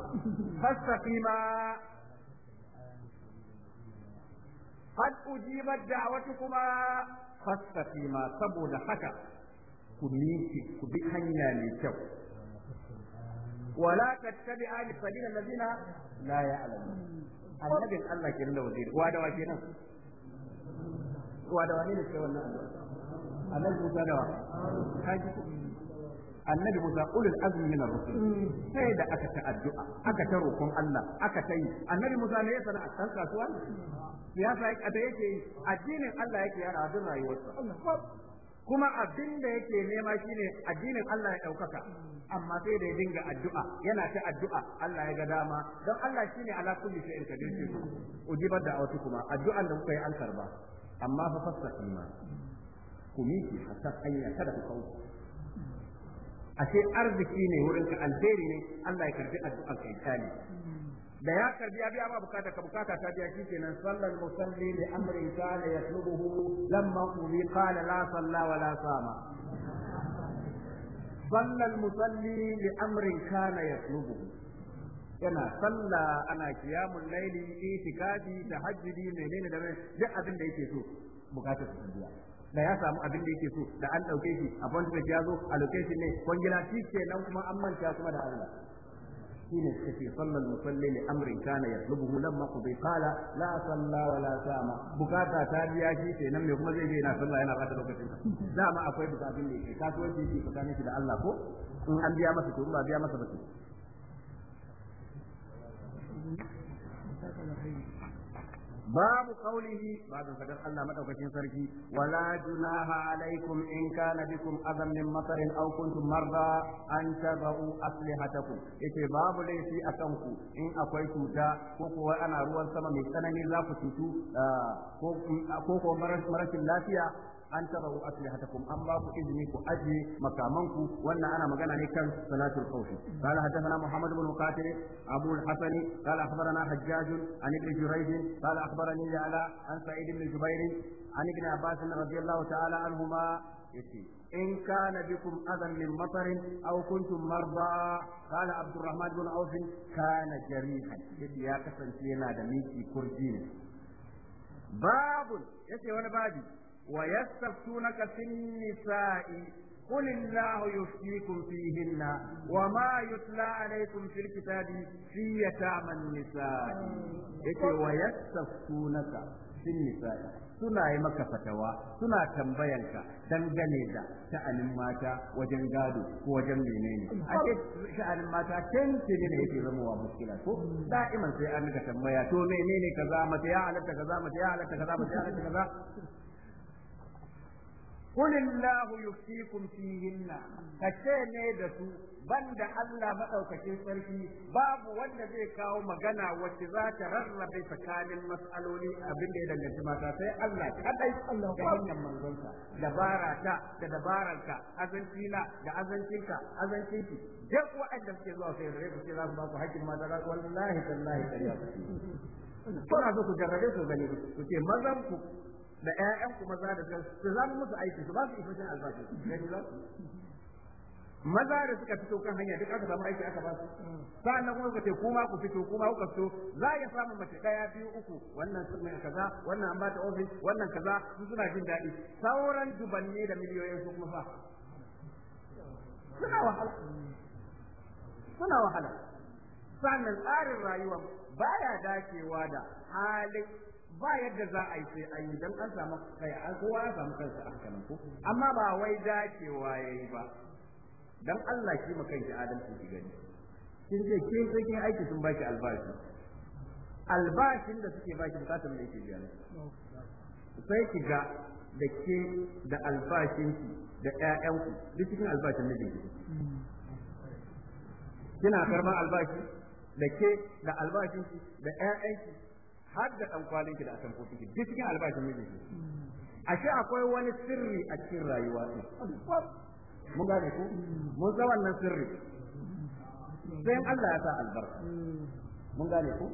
Speaker 1: fastaqima kad ujibat da'watukuma fastaqima saboda haka ku miƙe ku bi hanya mai kyau wala tattabi ali sabila allazina la ya'lamun annabin Allah kenan da waziri wa da wa kenan wa da wani ne ke wannan annabi Musa da wa kaji annabi Musa ulul azmi min ar-rusul sai da aka ta aka ta roƙon Allah aka ta yi annabi Musa ne ya sana a kan kasuwa siyasa yake yake addinin Allah yake yara abin rayuwarsa kuma abin da yake nema shine addinin Allah ya ɗaukaka amma sai da ya dinga addu'a yana ta addu'a Allah ya ga dama don Allah shine ala kulli shay'in kadir shi ujibar da wasu kuma addu'an da kuka yi an karba amma fa fassa ima ku miki hatta hanya kada ku kawo ashe arziki ne wurin ka alheri ne Allah ya karbi addu'ar kai da ya karbi ya biya bukata ka bukata ta biya shi kenan sallar musalli li amrin kana yatlubuhu lamma quli qala la salla wa la sama sallar musalli li amrin kana yatlubuhu yana salla ana qiyamul laili itikafi tahajjudi menene da duk abin da yake so bukata ta biya da ya samu abin da yake so da an dauke shi appointment ya zo a location ne kwangila shi kenan kuma an manta kuma da Allah shine suka ce sallan musalli ne amrin kana ya lubuhu lam bukata ta biya shi ke nan kuma zai ga yana sallah yana bata lokacin da ma akwai bukatun ne ka so shi shi ka da Allah ko in an biya masa to ba biya masa ba babu qawlihi babu fadar Allah madaukakin sarki wala junaha alaikum in kana bikum adam min masarin aw kuntum marda an tabu aslihatakum yace babu laifi a akan ku in akwai cuta ko kuwa ana ruwan sama mai tsanani za ku cutu ah, ko ko marashin lafiya an tabahu aslihatakum an ba ku izini ku ajiye makamanku wannan ana magana ne kan salatul khawfi qala hadathana muhammad ibn qatil abu al-hasan qala akhbarana hajjaj an ibn jurayj qala akhbarani ala an sa'id ibn jubair an ibn abbas radiyallahu ta'ala anhuma yace in kana bikum adan min matar aw kuntum marda qala abdurrahman ibn auf kana jarihan yace ya kasance na da miki kurji ne babun yace wani babi ويستفتونك في النساء قل الله يفتيكم فيهن وما يتلى عليكم في الكتاب في يتامى النساء ويستفتونك في النساء suna yi maka fatawa suna tambayanka dangane da sha'anin mata wajen gado ko wajen menene a ce sha'anin mata tantini ne yake zama wa muskila ko da'iman sai an ga tambaya to menene kaza mace ya halatta kaza mace ya halatta kaza mace ya halatta kaza kulillahu yufikum fihinna kace ne da su banda Allah madaukakin sarki babu wanda zai kawo magana wacce zata ta rarrabe tsakanin mas'aloli abin da ya danganci mata sai Allah kadai Allah da hanyar manzonsa dabara ta da dabaranka azancina da azancinka azancinki duk wa'anda suke zuwa sai da ku ce za su ba ku hakkin mata wallahi tallahi kuna so ku jarrabe su gani ku ce mazan ku da ƴaƴan kuma maza da kan su zama musu aiki su ba su isasshen albashi gani ba maza da suka fito kan hanya duk aka samu aiki aka ba su sa'annan kuma suka ce kuma ku fito kuma kuka fito za ya samu mace daya biyu uku wannan sun mai kaza wannan an bata ofis wannan kaza su suna jin daɗi sauran dubanni da miliyoyin su kuma fa suna wahala suna wahala sannan tsarin rayuwa baya dacewa da halin ba yadda za a yi sai an yi don an samu kai an kowa ya samu kansa a hakanan ko amma ba wai dacewa yayi ba dan Allah ki ma kanki ku ki gani kin ce kin sai kin aiki sun baki albashi albashin da suke baki bukatar da yake biya sai ki ga da ke da albashin ki da ƴaƴanku duk cikin albashin mijinki kina karban albashi da ke da albashin ki da ƴaƴanki har da dan kwalin ki da a kofi ki duk cikin albashin miji ashe akwai wani sirri a cikin rayuwa mun gane ku mun ga wannan sirri sai Allah ya sa albarka mun gane ku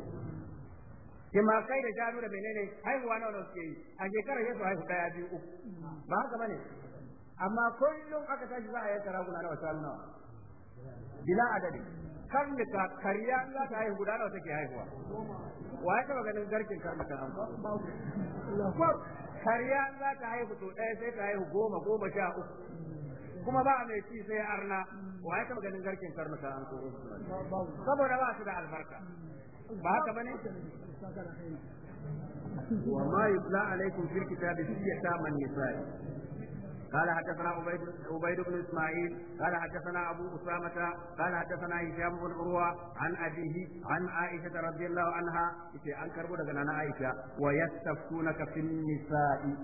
Speaker 1: kima kai da jaru da menene haihuwa nawa suke yi a shekarar yadda haihu daya biyu uku ba haka bane amma kullum aka tashi za a yanka raguna nawa shanu nawa bila adadi karnuka kariya za ta haihu guda nawa take haihuwa wa ya taba ganin garkin karnuka an kariya za ta haihu to ɗaya sai ta haihu goma goma sha uku kuma ba mai ci sai arna wa ya taba ganin garkin karnuka an ko saboda ba su da albarka ba haka bane وما يتلى عليكم da الكتاب في man
Speaker 2: النساء
Speaker 1: قال حدثنا عبيد عبيد بن اسماعيل قال حدثنا ابو اسامه قال حدثنا هشام بن عروه عن ابيه عن عائشه رضي الله عنها في انكر بدغنا عائشه ويستفتونك في النساء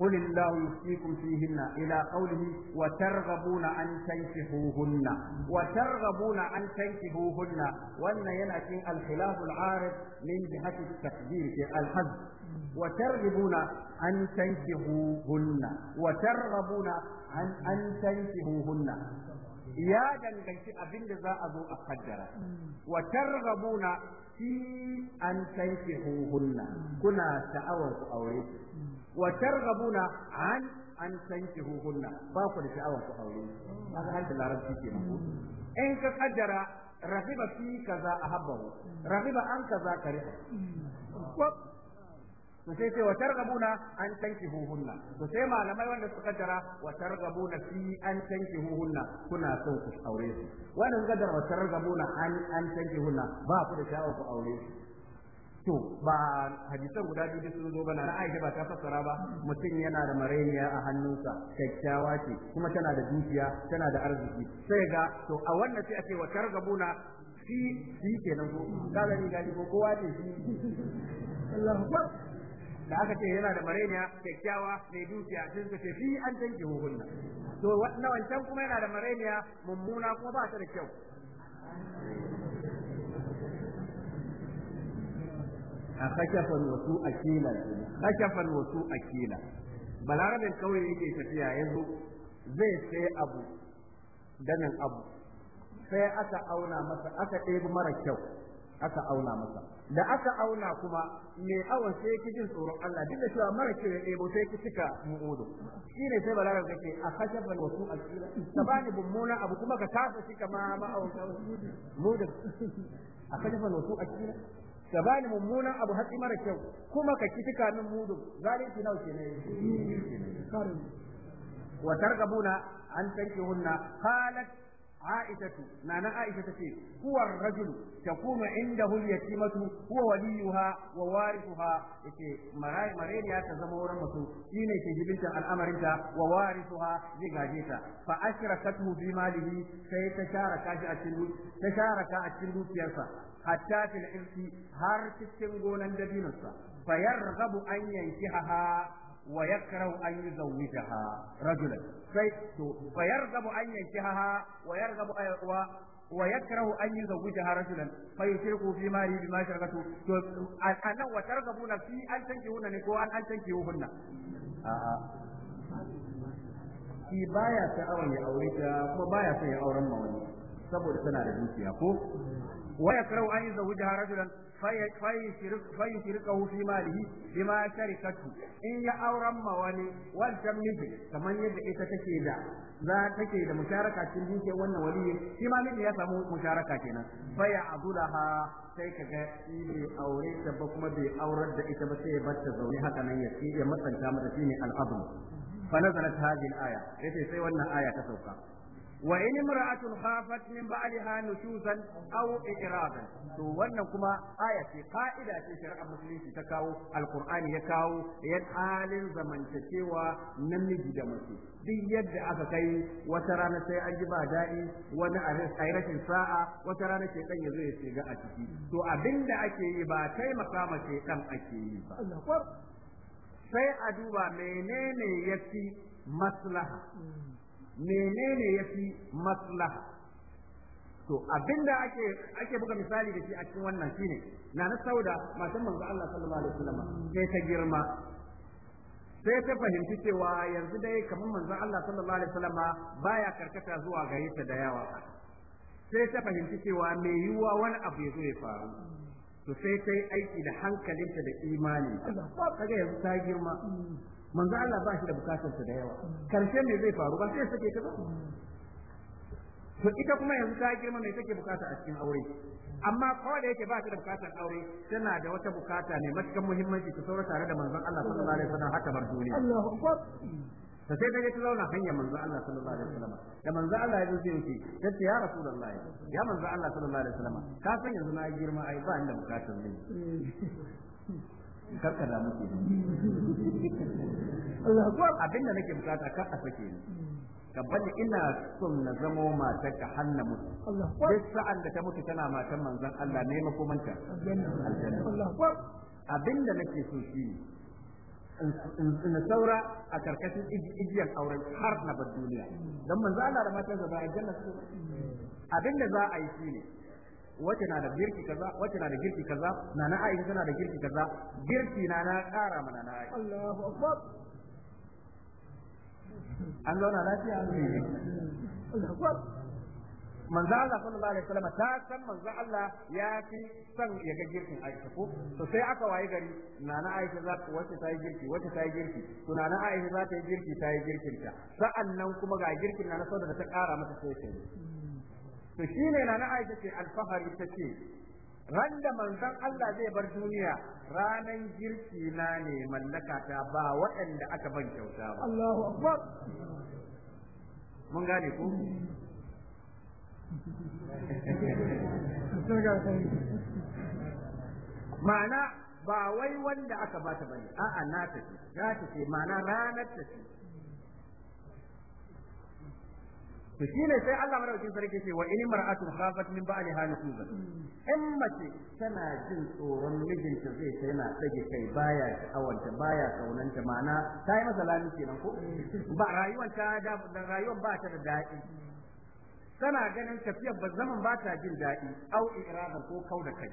Speaker 1: قل الله يفتيكم فيهن إلى قوله وترغبون أن تنكحوهن وترغبون أن تنكحوهن وأن ينأتي الخلاف العارض من جهة التقدير الحذف وترغبون أن تنكحوهن وترغبون أن أن تنكحوهن يا دنگنتي أبين ذا أبو أقدر وترغبون في أن تنكحوهن كنا شعور أوريك وترغبون عن أن تنكحوهن باكو شعور أوريك هذا هل بالعربي كده إن قدر رغب في كذا أحبه رغب عن كذا كرهه to sai ce wa targabuna an huhunna to sai malamai wanda suka tara wa targabuna fi an huhunna kuna so ku aure su wannan gadar wa targabuna an an huhunna ba ku da sha'awar ku aure su to ba hadisan guda biyu da sun zo bana na Aisha ba ta fassara ba mutum yana da marainiya a hannunsa kyakkyawa ce kuma tana da dukiya tana da arziki sai ga to a wannan sai a ce wa targabuna fi fi kenan ko ka gani gani ko kowa ne shi Allahu da aka ce yana da maraina kyakkyawa mai dukiya sai suka ce fi an danke hunna to na wancan kuma yana da maraina
Speaker 2: mummuna kuma ba ta da kyau
Speaker 1: a kashafan wasu akila kashafan wasu akila balarabin kauye yake tafiya yanzu zai sai abu danin abu sai aka auna masa aka ɗebi mara kyau aka auna masa da aka auna kuma mai awon sai yake jin tsoron Allah duk da cewa mara kire ɗebo sai yake cika mu'udu ne sai da ke a kashafa wasu alƙila ni bummuna abu kuma ka kasa cika ma ma'awon mu da a kashafa wasu alƙila ba ni mummunan abu hatsi mara kyau kuma ka cika min mudu zalunci nawa ke ne wa targabuna an tanki hunna qalat عائشة نانا عائشة تقول هو الرجل تكون عنده اليتيمة هو وليها ووارثها يتي مراي مريم يا تزمور مسو شيء تجبنت الأمر انت ووارثها زجاجيتا فأشركته في ماله سي تشارك أشلو تشارك أشلو فيها حتى في العرس هار تشتنغونا دبينسا فيرغب أن ينكحها wa yakrahu an yuzawwijaha rajulan sai to fa yarghabu an eh, wa yakrahu an yuzawwijaha rajulan fa yushriku fi mali bi ma sharakatu to ana wa targhabuna fi an tankihunna ne ko an an tankihunna a a shi baya sa'awa ya aure ta kuma baya sa ya auren ma wani saboda tana da dukiya ko ويكره أن يزوجها رجلا فيشركه في ماله بما شركته إن يأورا مواني والجم نجي كمان يدعي تتكي دا ذا تكي دا مشاركة تنجيك وانا ولي كما نجي يسمو مشاركة كنا فيعضلها sai ka ga bai aure ta ba kuma bai aurar da ita ba sai ya bar ta zaune haka nan ya ya matsanta mata shine al'azm fa nazalat hadhihi al-aya yace sai wannan aya ta sauka وإن امرأة خافت من بعدها نشوزا أو إعراضا to wannan kuma aya ka'ida ce shari'ar musulunci ta kawo Alkur'ani ya kawo ya halin zamantakewa namiji da mutum. duk yadda aka kai wata rana sai an ba daɗi wani a rashin sa'a wata rana ce ya yazo ya shiga a ciki to abin da ake yi ba taimaka mace dan ake yi ba sai a duba menene ya yafi maslaha menene yafi maslaha to abinda ake ake buga misali da shi a cikin wannan shine na na sauda matan manzo Allah sallallahu alaihi wasallam sai ta girma sai ta fahimci cewa yanzu dai kamar manzo Allah sallallahu alaihi wasallam baya karkata zuwa gare ta da yawa sai ta fahimci cewa me yiwuwa wani abu ya zo ya faru to sai ta yi aiki da hankalinta da imani kaga yanzu ta girma manzo Allah ba shi da bukatar da yawa karshe me zai faru ba sai sake ta ba to ita kuma yanzu ta girma mai take bukata a cikin aure amma kawai da yake ba shi da bukatar aure tana da wata bukata ne matakan muhimmanci ta saura tare da manzon Allah sallallahu alaihi wasallam hatta bar duniya Allahu akbar ta sai da je zauna hanya manzon Allah sallallahu alaihi wasallam da manzo Allah ya zo sai yake ta ce ya rasulullah ya manzo Allah sallallahu alaihi wasallam ka san yanzu na girma ai ba ni da bukatar ne karka muke Allah zuwa abin da nake bukata kar a sake ni ka bani ina son na zamo matar ka hanna mutu duk sa'an da ta mutu tana matan manzon Allah ne makomanta aljanna abin da nake so shi in saura a karkashin igiyar auren har na bar duniya don manzo Allah da matan matarsa ba aljanna su hmm. abinda za a yi shi ne. wace na da girki kaza wace na da girki kaza na na aisha tana da girki kaza girki na na kara mana na
Speaker 2: aisha Allahu akbar
Speaker 1: an zauna lafiya Allahu akbar manzo Allah sallallahu alaihi wasallam ta san manzo Allah ya fi san ya ga girkin Aisha ko to sai aka waye gari na Aisha za ta wace ta yi girki wace ta yi girki to na na Aisha za ta yi girki ta yi girkin ta sa'annan kuma ga girkin na saboda ta kara mata sai sai to shine na na aisha ce alfahari ta ce ran da manzon Allah zai bar duniya ranan girki na ne mallaka ta ba waɗanda aka ban kyauta ba Allahu akbar mun gane ko ma'ana ba wai wanda aka bata bane a'a na tafi ta ce ma'ana ranar ta ce. to shine sai Allah madaukakin sarki ce wa in mar'atun khafat min ba'liha nusuzan in mace tana jin tsoron mijinta zai ta yana tsage kai baya sha'awanta baya kaunanta mana ta yi masa lami kenan ko ba rayuwar ta da rayuwar ba ta da daɗi tana ganin tafiyar ba zaman ba ta jin daɗi au irada ko kau da kai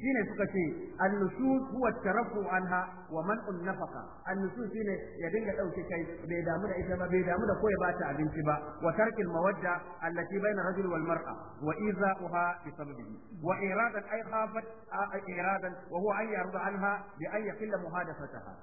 Speaker 1: shine suka ce an huwa tarafu anha wa man nafaka an shi ne ya dinga ɗauke kai bai damu da ita ba bai damu da ko ya bata abinci ba wa tarkil mawadda allati baina rajul wal mar'a wa iza'uha bi sababihi wa iradan ay khafat iradan wa huwa an yarda anha bi an yaqilla muhadathataha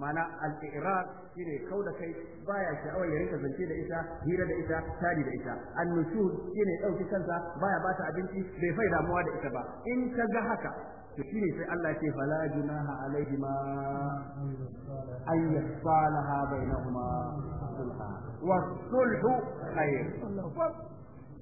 Speaker 1: ma'ana al-i'rab shine kau da kai baya sha'awar ya rinka zance da ita hira da ita tari da ita an-nushud shine dauki kansa baya ba ta abinci bai fai damuwa da ita ba in ka ga haka to shine sai Allah ke fala junaha ma an salaha bainahuma wa sulhu khair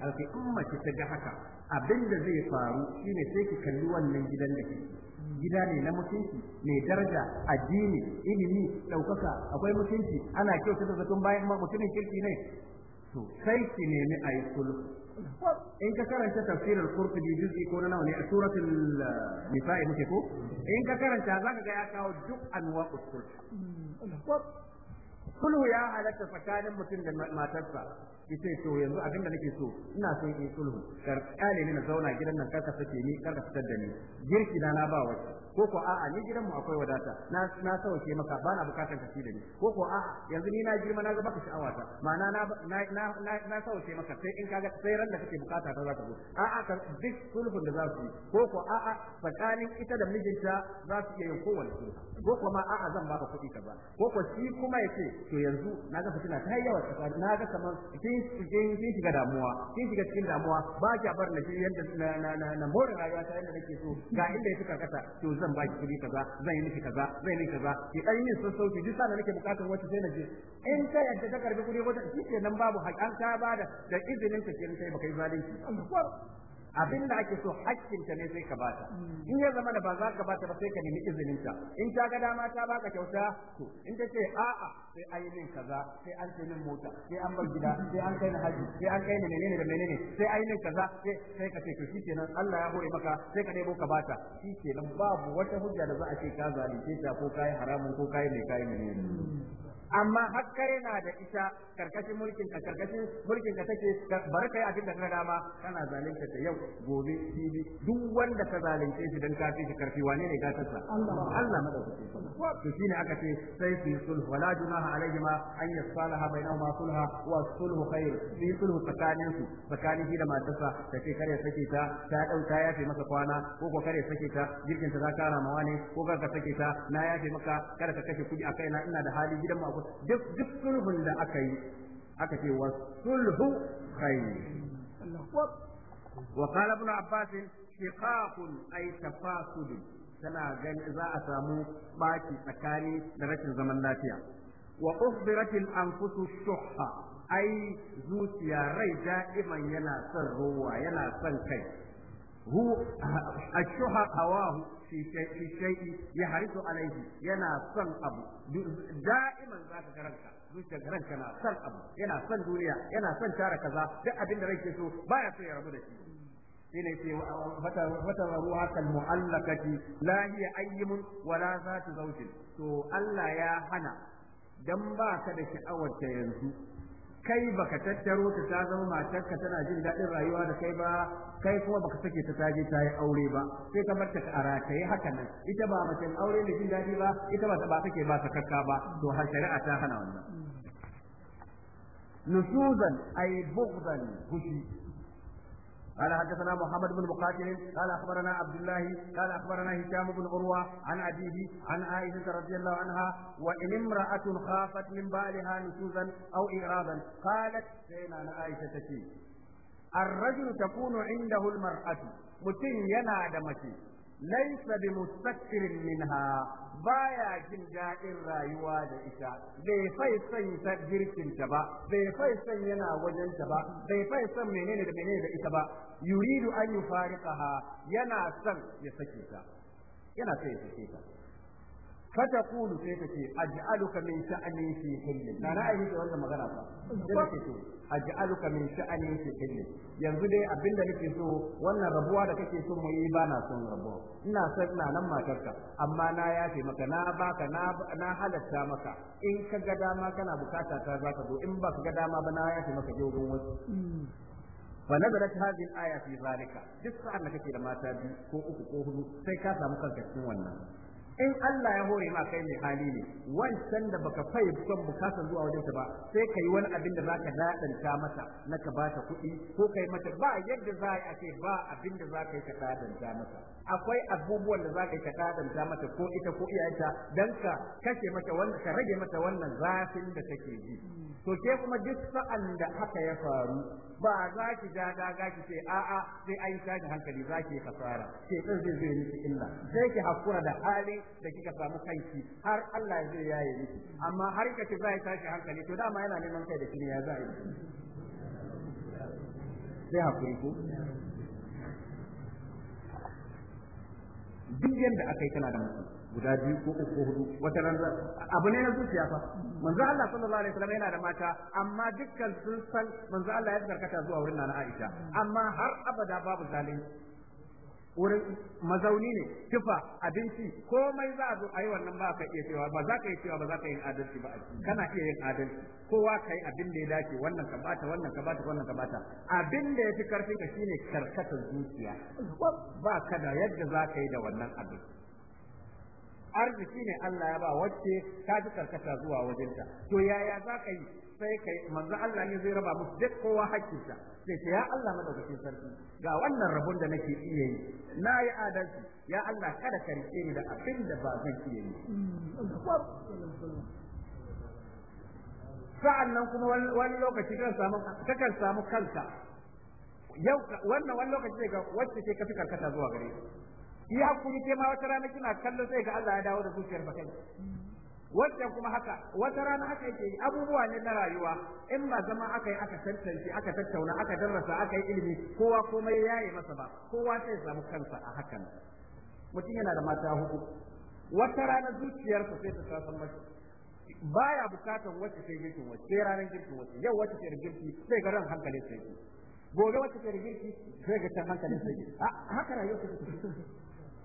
Speaker 1: al'umma ki ta ga haka abinda zai faru shine sai ki kalli wannan gidan da kike gida ne na mutunci mai daraja addini ilimi ɗaukaka akwai mutunci ana kyautata zaton bayan mutumin kirki ne to sai ki nemi a yi sulhu in ka karanta tafsirar qurtubi jirgi ko na nawa ne a suratul uh, nisa'i muke ko in ka karanta za ga ya kawo duk anwa'us sulh hmm. sulhu ya halatta tsakanin mutum da matarsa yace to yanzu abin da nake so ina son in sulhu kar kale ni na zauna gidan nan karka sake ni karka fitar da ni girki na na ba wacce ko ko a'a ni gidan mu akwai wadata na na sauke maka ba na bukatar ka ci da ni ko ko a'a yanzu ni na girma na ga baka sha'awa ta ma'ana na na na na sauke maka sai in kaga sai ran da kake bukata ta za ta zo a'a ka duk sulhun da za su yi ko ko a'a tsakanin ita da mijinta za su iya yin kowanne sulhu ko ma a'a zan baka kuɗi ka ba ko ko shi kuma yace to yanzu na ga fitina ta yi yawa tsakanin na ga kamar kin kin shiga damuwa kin shiga cikin damuwa ba ki bar na yanda na na na more rayuwa ta yadda nake so ga inda yake karkata to zan ba baki kudi kaza zan yi miki kaza zan yi miki kaza ki dan yin sun sauki duk sanan nake bukatar wacce sai na je in ta yadda ta karbi kudi wata shi nan babu haƙan ta bada da izinin ka kenan sai baka yi zalunci abin da ake so hakkinta ne sai ka bata in ya zama da ba za ka bata ba sai ka nemi izinin ta in ta ga dama ta baka kyauta to in ta ce a'a sai an yi min kaza sai an kai min mota sai an bar gida sai an kai ni haji sai an kai ni menene da menene sai an yi min kaza sai sai ka ce to shikenan Allah ya hore maka sai ka debo ka bata shikenan babu wata hujja da za a ce ka zalunce ta ko kai haramun ko kai mai kai menene amma hakkare na da ita karkashin mulkin ka karkashin mulkin ka take bar kai abin da ka dama kana zalunta ta yau gobe sibi, duk wanda ka zalunce shi dan kafi shi karfi wane ne sa Allah madaukake to shine aka ce sai su sulh wala junaha alaihima an yasalaha bainahuma sulha wa sulhu khair fi sulhu tsakanin su tsakanin shi da matarsa ta ce kare sake ta ta dauka ya fi maka kwana ko ko kare sake ta girkin ta za ka rama wane ko ka sake ta na ya maka kada ka kashe kudi a na, ina da hali gidan mu duk duk sulhun da aka yi aka ce wa sulhu khair wa qala ibn abbas shiqaqun ay tafasud tana gani za a samu baki tsakani da rashin zaman lafiya wa uhdirat al anfusu shuhha ai zuciya rai da'iman yana son ruwa yana son kai hu ashuha hawahu fi shay'i ya harisu alaihi yana son abu
Speaker 2: da'iman za
Speaker 1: ka ranka zuciyar ranka na son abu yana son duniya yana son tara kaza duk abin da ranke so baya so ya rabu da shi shine ce wata ruwa kan mu'allakati lahiya hiya ayyimun wala ta zawjin to Allah ya hana dan ba ka da sha'awar ta yanzu kai baka tattaro ta ta zama matarka tana jin daɗin rayuwa da kai ba kai kuma baka sake ta taje ta yi aure ba sai ka barta ka ta yi haka nan ita ba mace aure da jin daɗi ba ita ba ba take ba sakakka ba to har shari'a ta hana wannan mm. nusuzan ay bughdan gushi قال حدثنا محمد بن مقاتل قال اخبرنا عبد الله قال اخبرنا هشام بن عروه عن ابيه عن عائشه رضي الله عنها وان امراه خافت من بالها نشوزا او اعراضا قالت سينا عائشه تشي الرجل تكون عنده المراه متين ينا دمشي laisa bi mustaqirin minha baya jin daɗin rayuwa da ita bai fai son ta yana wajen ta ba bai fai son menene da menene da ita ba yuridu an yufariqaha yana ya yana son ya sake ta فتقول سيك أجعلك من شأني في حل أنا أعيش ولا مغنى أجعلك من شأني في حل yanzu dai abin da nake so wannan rabuwa da kake son mu yi ba na son rabuwa ina son nan matarka amma na yafe maka na baka halatta maka in ka ga dama kana bukata ta zaka zo in baka ga dama ba na yafe maka je wurin wasu فنزلت هذه الآية في ذلك جسعا لك كده ما تابي كو أكو كو هدو سيكا سامو كان wannan. in Allah ya hore ma kai mai hali ne wancan da baka fai son bukatar zuwa wajen ta ba sai kai wani abin da zaka dadanta masa na ka ta kuɗi ko kai mata ba yadda za a ce ba abin da zaka yi ka dadanta masa akwai abubuwan da zaka yi ka dadanta mata ko ita ko iyayenta dan ka kashe mata wannan ka rage mata wannan zafin da take ji to ke kuma duk sa'an da haka ya faru ba za ki ja ga ki ce a'a sai an da hankali za ki kasara ke din zai zai miki illa sai ki hakura da hali da kika samu kanki har Allah ya zai yaye miki amma har ka ce za ki tashi hankali to dama yana neman kai da kini ya za
Speaker 2: sai hakuri ko duk
Speaker 1: yanda akai yi tana da mutum guda biyu ko uku ko hudu wata ran abu ne na zuciya fa manzo Allah sallallahu alaihi wasallam yana da mata amma dukkan sun san manzo Allah ya karkata zuwa wurin nana Aisha amma har abada babu zalunci wurin mazauni ne tufa abinci komai za a zo ayi wannan ba ka iya cewa ba za ka yi cewa ba za ka yi adalci ba kana iya yin adalci kowa ka yi abin da ya dace wannan ka bata wannan ka bata wannan ka bata abin da ya fi karfin ka shine karkatar zuciya ba ka da yadda za ka yi da wannan abin arziki ne Allah ya ba wacce ta ji karkata zuwa wajenta to yaya za ka yi sai kai manzo Allah ne zai raba musu duk kowa hakkinsa sai ce ya Allah madaukakin sarki ga wannan rabon da nake iya yi na yi adalci ya Allah kada ka rike ni da abin da ba zan iya yi sa'annan kuma wani lokaci kan samu kakan samu kanka yau wannan wani lokaci ga wacce ce ka fi karkata zuwa gare yi hakuri ke ma wata rana kina kallo sai ga Allah ya dawo da zuciyar bakai wacce kuma haka wata rana haka yake abubuwa ne na rayuwa in ba zama aka yi aka tantance aka tattauna aka darasa aka yi ilimi kowa komai yayi masa ba kowa sai samu kansa a hakan mutum yana da mata hudu wata rana zuciyarsa sai ta sasan masa baya bukatan wacce sai girkin wacce sai ranar girkin wacce yau wacce sai girki sai ga ran hankalin sai gobe wacce sai girki sai ga can hankalin sai a haka rayuwa ta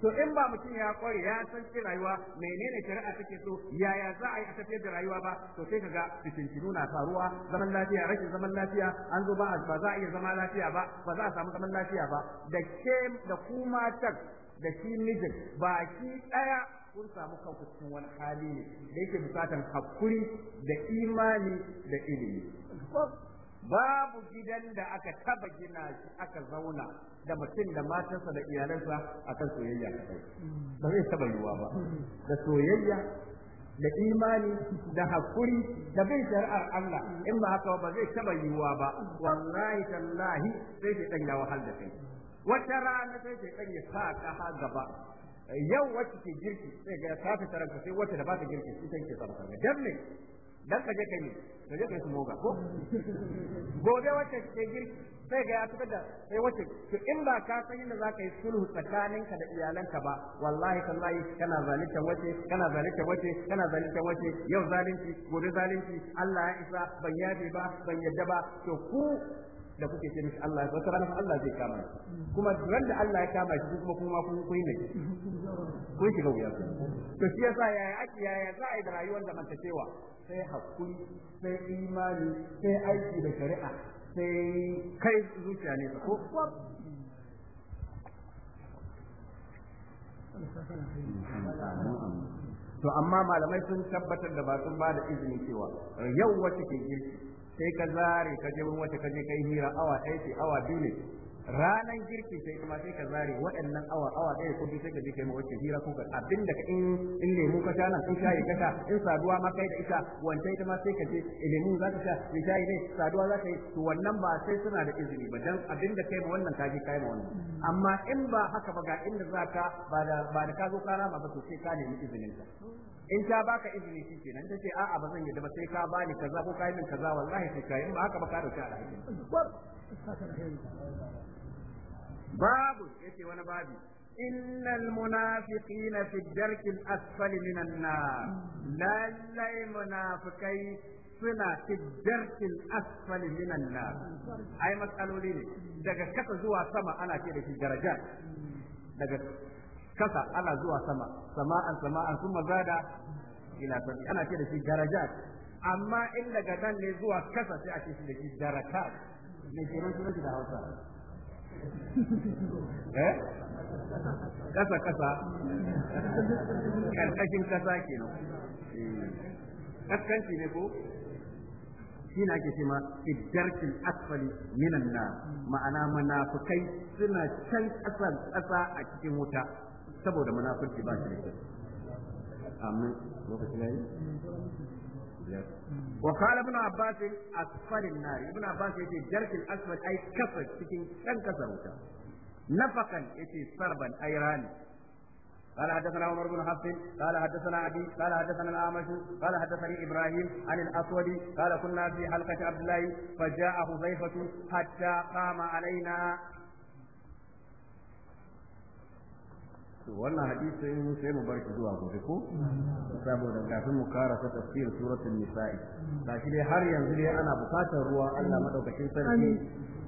Speaker 1: to in ba mutum ya kware ya san ce rayuwa menene shari'a take so yaya za a yi a tafiyar da rayuwa ba to sai kaga fitintinu na faruwa zaman lafiya rashin zaman lafiya an zo ba ba za a iya zama lafiya ba ba za a samu zaman lafiya ba da ke da kuma tak da shi mijin baki ɗaya, kun samu kanku cikin wani hali ne da yake bukatar hakuri da imani da ilimi babu gidan da aka taba gina shi aka zauna da mutum da matansa da iyalansa akan soyayya kadai ba zai taba yiwuwa ba da soyayya da imani da hakuri da bin shari'ar Allah in ba haka ba zai taba yiwuwa ba wallahi tallahi sai ke dan ya wahal da kai wata rana sai ke dan ya sa ka ha gaba yau wacce ke girki sai ga ta fi taranka sai wacce da ba ta girki ita ke sarrafa dan ka je kai ne ka je kai su moga ko gobe wacce ke girki sai ga ya fitar da sai wacce to in ba ka san yadda zaka yi sulhu tsakaninka da iyalanka ba wallahi tallahi kana zalunta wace kana zalunta wace kana zalunta wace yau zalunci gobe zalunci Allah ya isa ban yabe ba ban yadda ba to ku da kuke ce mishi Allah wata rana Allah zai kama shi kuma ran da Allah ya kama shi kuma kuma kun kun ne kun shiga wuya to shi yasa yaya ake yaya za a yi da rayuwar da manta cewa sai hakuri sai imani sai aiki da shari'a sai kai zuciya ne ko to amma malamai sun tabbatar da ba sun ba da izini cewa yau wacce ke girki sai ka zare ka je wurin wata ka je kai hira awa ɗaya ce awa biyu ne ranar girki sai kuma sai ka zare waɗannan awa awa ɗaya ko biyu sai ka je kai wacce hira ko abin da in in lemu ka sha nan in shayi ka sha in saduwa ma kai da ita wancan ita ma sai ka je eh, lemu za ka sha in eh, shayi ne saduwa za ka yi to wannan ba sai suna da izini ba dan abin da kai ma wannan ka je kai ma wannan amma in ba haka ba ga inda za ka ba da ba da ka zo ka rama ba to sai ka nemi izinin ka in ta baka izini shi nan ta ce a'a ba zan yi ba sai ka bani kaza ko kai min kaza wallahi sai kai in ba haka ba ka dauki alhaji babu yace wani babu munafiqina fi في al الأسفل minan na, لا لا munafiqai suna fi darkin asfali minan na ai matsaloli ne daga kasa zuwa sama ana ce da shi daraja daga kasa ana zuwa sama sama'an sama'an sun magada ila sabi ana ce da shi darajat amma in daga nan ne zuwa kasa sai a ce shi da shi darakat ne ke nan sunan shi da hausa eh kasa kasa karkashin kasa kenan eh. kaskanci ne ko shine ake ce ma iddarkil asfali minan na ma'ana munafikai suna can kasan kasa a cikin wuta saboda munafurci ba shi da amin lokaci ya yi wa kala ibn abbas asfarin nar ibn abbas yace jarkin asfar ay kafar cikin kan kasar wuta nafakan yace sarban ay rani قال حدثنا عمر بن حفص قال حدثنا ابي قال حدثنا الاعمش قال حدثني ابراهيم عن الاسود قال كنا في حلقه عبد الله فجاءه ضيفه حتى قام علينا to wannan hadisin sai mu barki zuwa gobe ko saboda kafin mu kara ta tafsir suratul nisa'i ba shi dai har yanzu dai ana bukatar ruwa Allah madaukakin sarki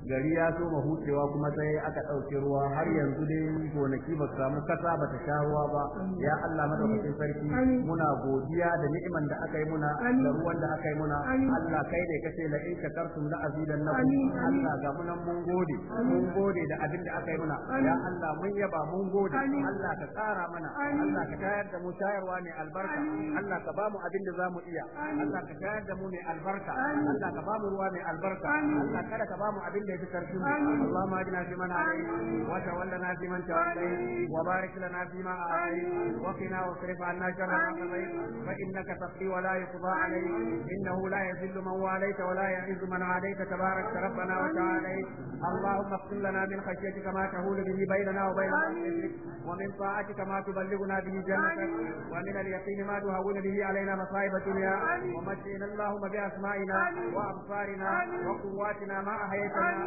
Speaker 1: gari ya so ma hucewa kuma sai aka ɗauke ruwa har yanzu dai gonaki ba samu kasa ba ta sha ruwa ba ya Allah madaukakin sarki muna godiya da ni'iman da aka yi muna da ruwan da aka yi muna Allah kai ne kace la in ka shakartum la azidannakum Allah ga mun mun gode mun gode da abin da aka yi muna ya Allah mun yaba mun gode Allah ka tsara mana Allah ka tayar da mu tayarwa ne albarka Allah ka bamu mu abin da zamu iya Allah ka tayar da mu ne albarka Allah ka bamu ruwa ne albarka Allah kada ka bamu mu abin da ذكرتم اللهم اجنا فيمن عليك وتولنا فيمن توليت وبارك لنا فيما اعطيت وقنا واصرف عنا شر ما قضيت فانك تقضي ولا يقضى عليك انه لا يذل من واليت ولا يعز من عاديت تبارك ربنا وتعاليت اللهم اغفر لنا من خشيتك ما تهول به بيننا وبين معصيتك ومن طاعتك ما تبلغنا به جنتك ومن اليقين ما تهون به علينا مصائب الدنيا ومتعنا اللهم باسمائنا وابصارنا وقواتنا ما احييتنا